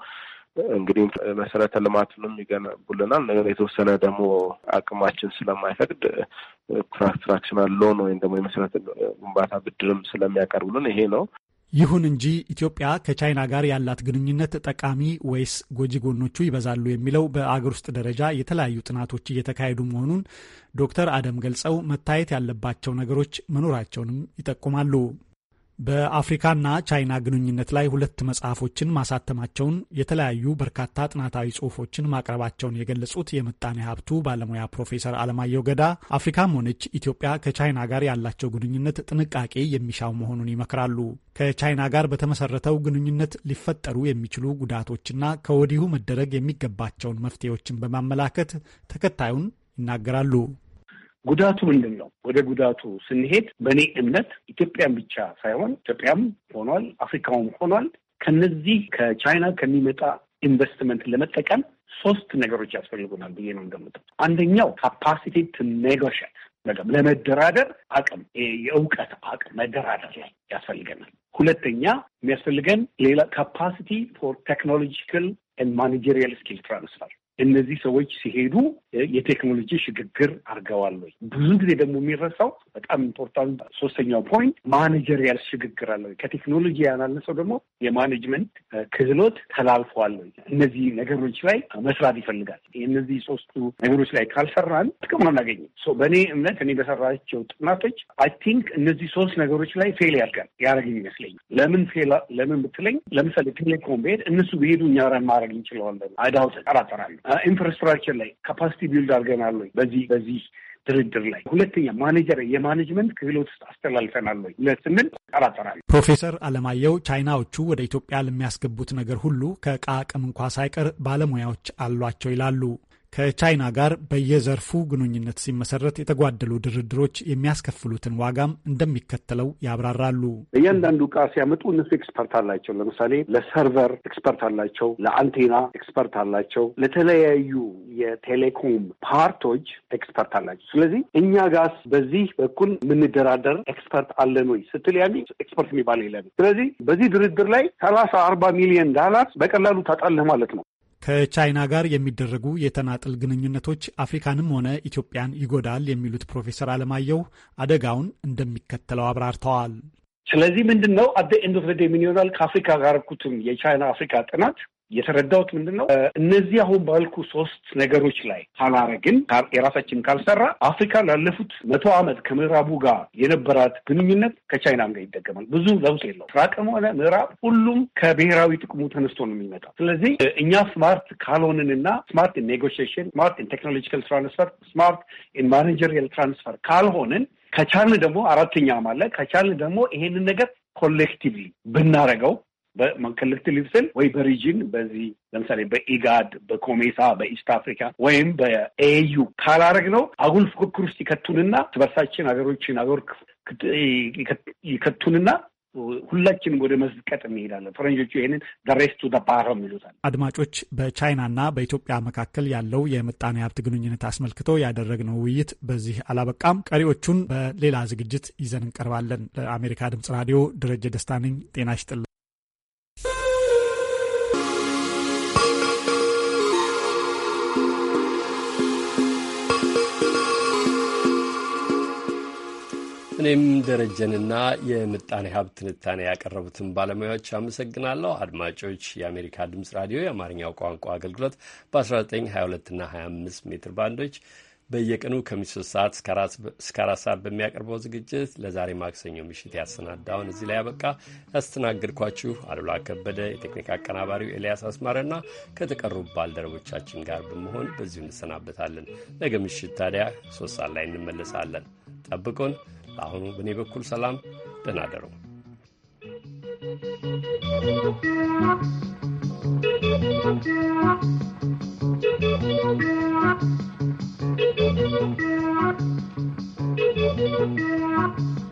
እንግዲህ መሰረተ ልማትንም ይገነቡልናል። ነገር የተወሰነ ደግሞ አቅማችን ስለማይፈቅድ ኮንስትራክሽናል ሎን ወይም ደግሞ የመሰረተ ግንባታ ብድርም ስለሚያቀርቡልን ይሄ ነው ይሁን እንጂ ኢትዮጵያ ከቻይና ጋር ያላት ግንኙነት ጠቃሚ ወይስ ጎጂ ጎኖቹ ይበዛሉ የሚለው በአገር ውስጥ ደረጃ የተለያዩ ጥናቶች እየተካሄዱ መሆኑን ዶክተር አደም ገልጸው መታየት ያለባቸው ነገሮች መኖራቸውንም ይጠቁማሉ። በአፍሪካና ቻይና ግንኙነት ላይ ሁለት መጽሐፎችን ማሳተማቸውን የተለያዩ በርካታ ጥናታዊ ጽሁፎችን ማቅረባቸውን የገለጹት የምጣኔ ሀብቱ ባለሙያ ፕሮፌሰር አለማየሁ ገዳ አፍሪካም ሆነች ኢትዮጵያ ከቻይና ጋር ያላቸው ግንኙነት ጥንቃቄ የሚሻው መሆኑን ይመክራሉ። ከቻይና ጋር በተመሰረተው ግንኙነት ሊፈጠሩ የሚችሉ ጉዳቶችና ከወዲሁ መደረግ የሚገባቸውን መፍትሄዎችን በማመላከት ተከታዩን ይናገራሉ። ጉዳቱ ምንድን ነው? ወደ ጉዳቱ ስንሄድ በእኔ እምነት ኢትዮጵያን ብቻ ሳይሆን ኢትዮጵያም ሆኗል፣ አፍሪካውም ሆኗል ከነዚህ ከቻይና ከሚመጣ ኢንቨስትመንት ለመጠቀም ሶስት ነገሮች ያስፈልጉናል ብዬ ነው እንደምጠው። አንደኛው ካፓሲቲ ቱ ኔጎሽት ለመደራደር አቅም፣ የእውቀት አቅም መደራደር ላይ ያስፈልገናል። ሁለተኛ የሚያስፈልገን ሌላ ካፓሲቲ ፎር ቴክኖሎጂካል ኤንድ ማኔጀሪያል ስኪል ትራንስፈር እነዚህ ሰዎች ሲሄዱ የቴክኖሎጂ ሽግግር አድርገዋል ወይ? ብዙ ጊዜ ደግሞ የሚረሳው በጣም ኢምፖርታንት ሶስተኛው ፖይንት ማኔጀሪያል ሽግግር አለ ወይ? ከቴክኖሎጂ ያናነሰው ደግሞ የማኔጅመንት ክህሎት ተላልፏል ወይ? እነዚህ ነገሮች ላይ መስራት ይፈልጋል። እነዚህ ሶስቱ ነገሮች ላይ ካልሰራን ጥቅም አናገኝም። በእኔ እምነት እኔ በሰራቸው ጥናቶች አይ ቲንክ እነዚህ ሶስት ነገሮች ላይ ፌል ያልጋል ያደረግን ይመስለኛል። ለምን ፌል ለምን ብትለኝ፣ ለምሳሌ ቴሌኮም ብሄድ እነሱ ብሄዱ እኛ ማድረግ እንችለዋለን አይዳውት ጠራጠራለሁ ኢንፍራስትራክቸር ላይ ካፓሲቲ ቢልድ አድርገናል ወይ በዚህ በዚህ ድርድር ላይ ሁለተኛ ማኔጀር የማኔጅመንት ክህሎት ውስጥ አስተላልፈናል ወይ ስንል ፕሮፌሰር አለማየሁ ቻይናዎቹ ወደ ኢትዮጵያ ለሚያስገቡት ነገር ሁሉ ከእቃ አቅም እንኳ ሳይቀር ባለሙያዎች አሏቸው ይላሉ። ከቻይና ጋር በየዘርፉ ግንኙነት ሲመሰረት የተጓደሉ ድርድሮች የሚያስከፍሉትን ዋጋም እንደሚከተለው ያብራራሉ። እያንዳንዱ እቃ ሲያመጡ እነሱ ኤክስፐርት አላቸው። ለምሳሌ ለሰርቨር ኤክስፐርት አላቸው፣ ለአንቴና ኤክስፐርት አላቸው፣ ለተለያዩ የቴሌኮም ፓርቶች ኤክስፐርት አላቸው። ስለዚህ እኛ ጋስ በዚህ በኩል የምንደራደር ኤክስፐርት አለን ወይ ስትል ያ ኤክስፐርት የሚባል የለን። ስለዚህ በዚህ ድርድር ላይ ሰላሳ አርባ ሚሊዮን ዳላር በቀላሉ ታጣለህ ማለት ነው። ከቻይና ጋር የሚደረጉ የተናጥል ግንኙነቶች አፍሪካንም ሆነ ኢትዮጵያን ይጎዳል የሚሉት ፕሮፌሰር አለማየሁ አደጋውን እንደሚከተለው አብራርተዋል። ስለዚህ ምንድን ነው አደ ኤንድ ኦፍ ዘ ዴይ ምን ይሆናል? ከአፍሪካ ጋር ኩትም የቻይና አፍሪካ ጥናት የተረዳሁት ምንድን ነው እነዚህ አሁን ባልኩ ሶስት ነገሮች ላይ ካላረግን የራሳችን ካልሰራ አፍሪካ ላለፉት መቶ ዓመት ከምዕራቡ ጋር የነበራት ግንኙነት ከቻይናም ጋር ይደገማል። ብዙ ለውጥ የለው። ምስራቅም ሆነ ምዕራብ ሁሉም ከብሔራዊ ጥቅሙ ተነስቶ ነው የሚመጣው። ስለዚህ እኛ ስማርት ካልሆንንና ስማርት ኔጎሽሽን፣ ስማርት ቴክኖሎጂካል ትራንስፈር፣ ስማርት ማኔጀሪያል ትራንስፈር ካልሆንን ከቻልን ደግሞ አራተኛ ማለት ከቻልን ደግሞ ይሄንን ነገር ኮሌክቲቭሊ ብናረገው በክልል ስል ወይ በሪጅን በዚህ ለምሳሌ በኢጋድ በኮሜሳ በኢስት አፍሪካ ወይም በኤዩ ካላረግ ነው አጉል ፉክክር ውስጥ ይከቱንና ትበርሳችን ሀገሮችን ሀገር ይከቱንና ሁላችንም ወደ መዝቀጥ እንሄዳለን። ፈረንጆቹ ይህንን ደሬስቱ ባረም ይሉታል። አድማጮች፣ በቻይናና በኢትዮጵያ መካከል ያለው የምጣኔ ሀብት ግንኙነት አስመልክቶ ያደረግነው ውይይት በዚህ አላበቃም። ቀሪዎቹን በሌላ ዝግጅት ይዘን እንቀርባለን። ለአሜሪካ ድምጽ ራዲዮ ደረጀ ደስታ ነኝ። ጤና ይስጥልን። እኔም ደረጀንና የምጣኔ ሀብት ትንታኔ ያቀረቡትን ባለሙያዎች አመሰግናለሁ። አድማጮች፣ የአሜሪካ ድምጽ ራዲዮ የአማርኛው ቋንቋ አገልግሎት በ1922 እና 25 ሜትር ባንዶች በየቀኑ ከ ሰዓት እስከ አራት ሰዓት በሚያቀርበው ዝግጅት ለዛሬ ማክሰኞ ምሽት ያሰናዳውን እዚህ ላይ ያበቃ። ያስተናግድኳችሁ አሉላ ከበደ፣ የቴክኒክ አቀናባሪው ኤልያስ አስማረና ከተቀሩ ባልደረቦቻችን ጋር በመሆን በዚሁ እንሰናበታለን። ነገ ምሽት ታዲያ ሶስት ሰዓት ላይ እንመለሳለን። ጠብቁን። በአሁኑ በእኔ በኩል ሰላም፣ ደህና ደሩ። Thank you.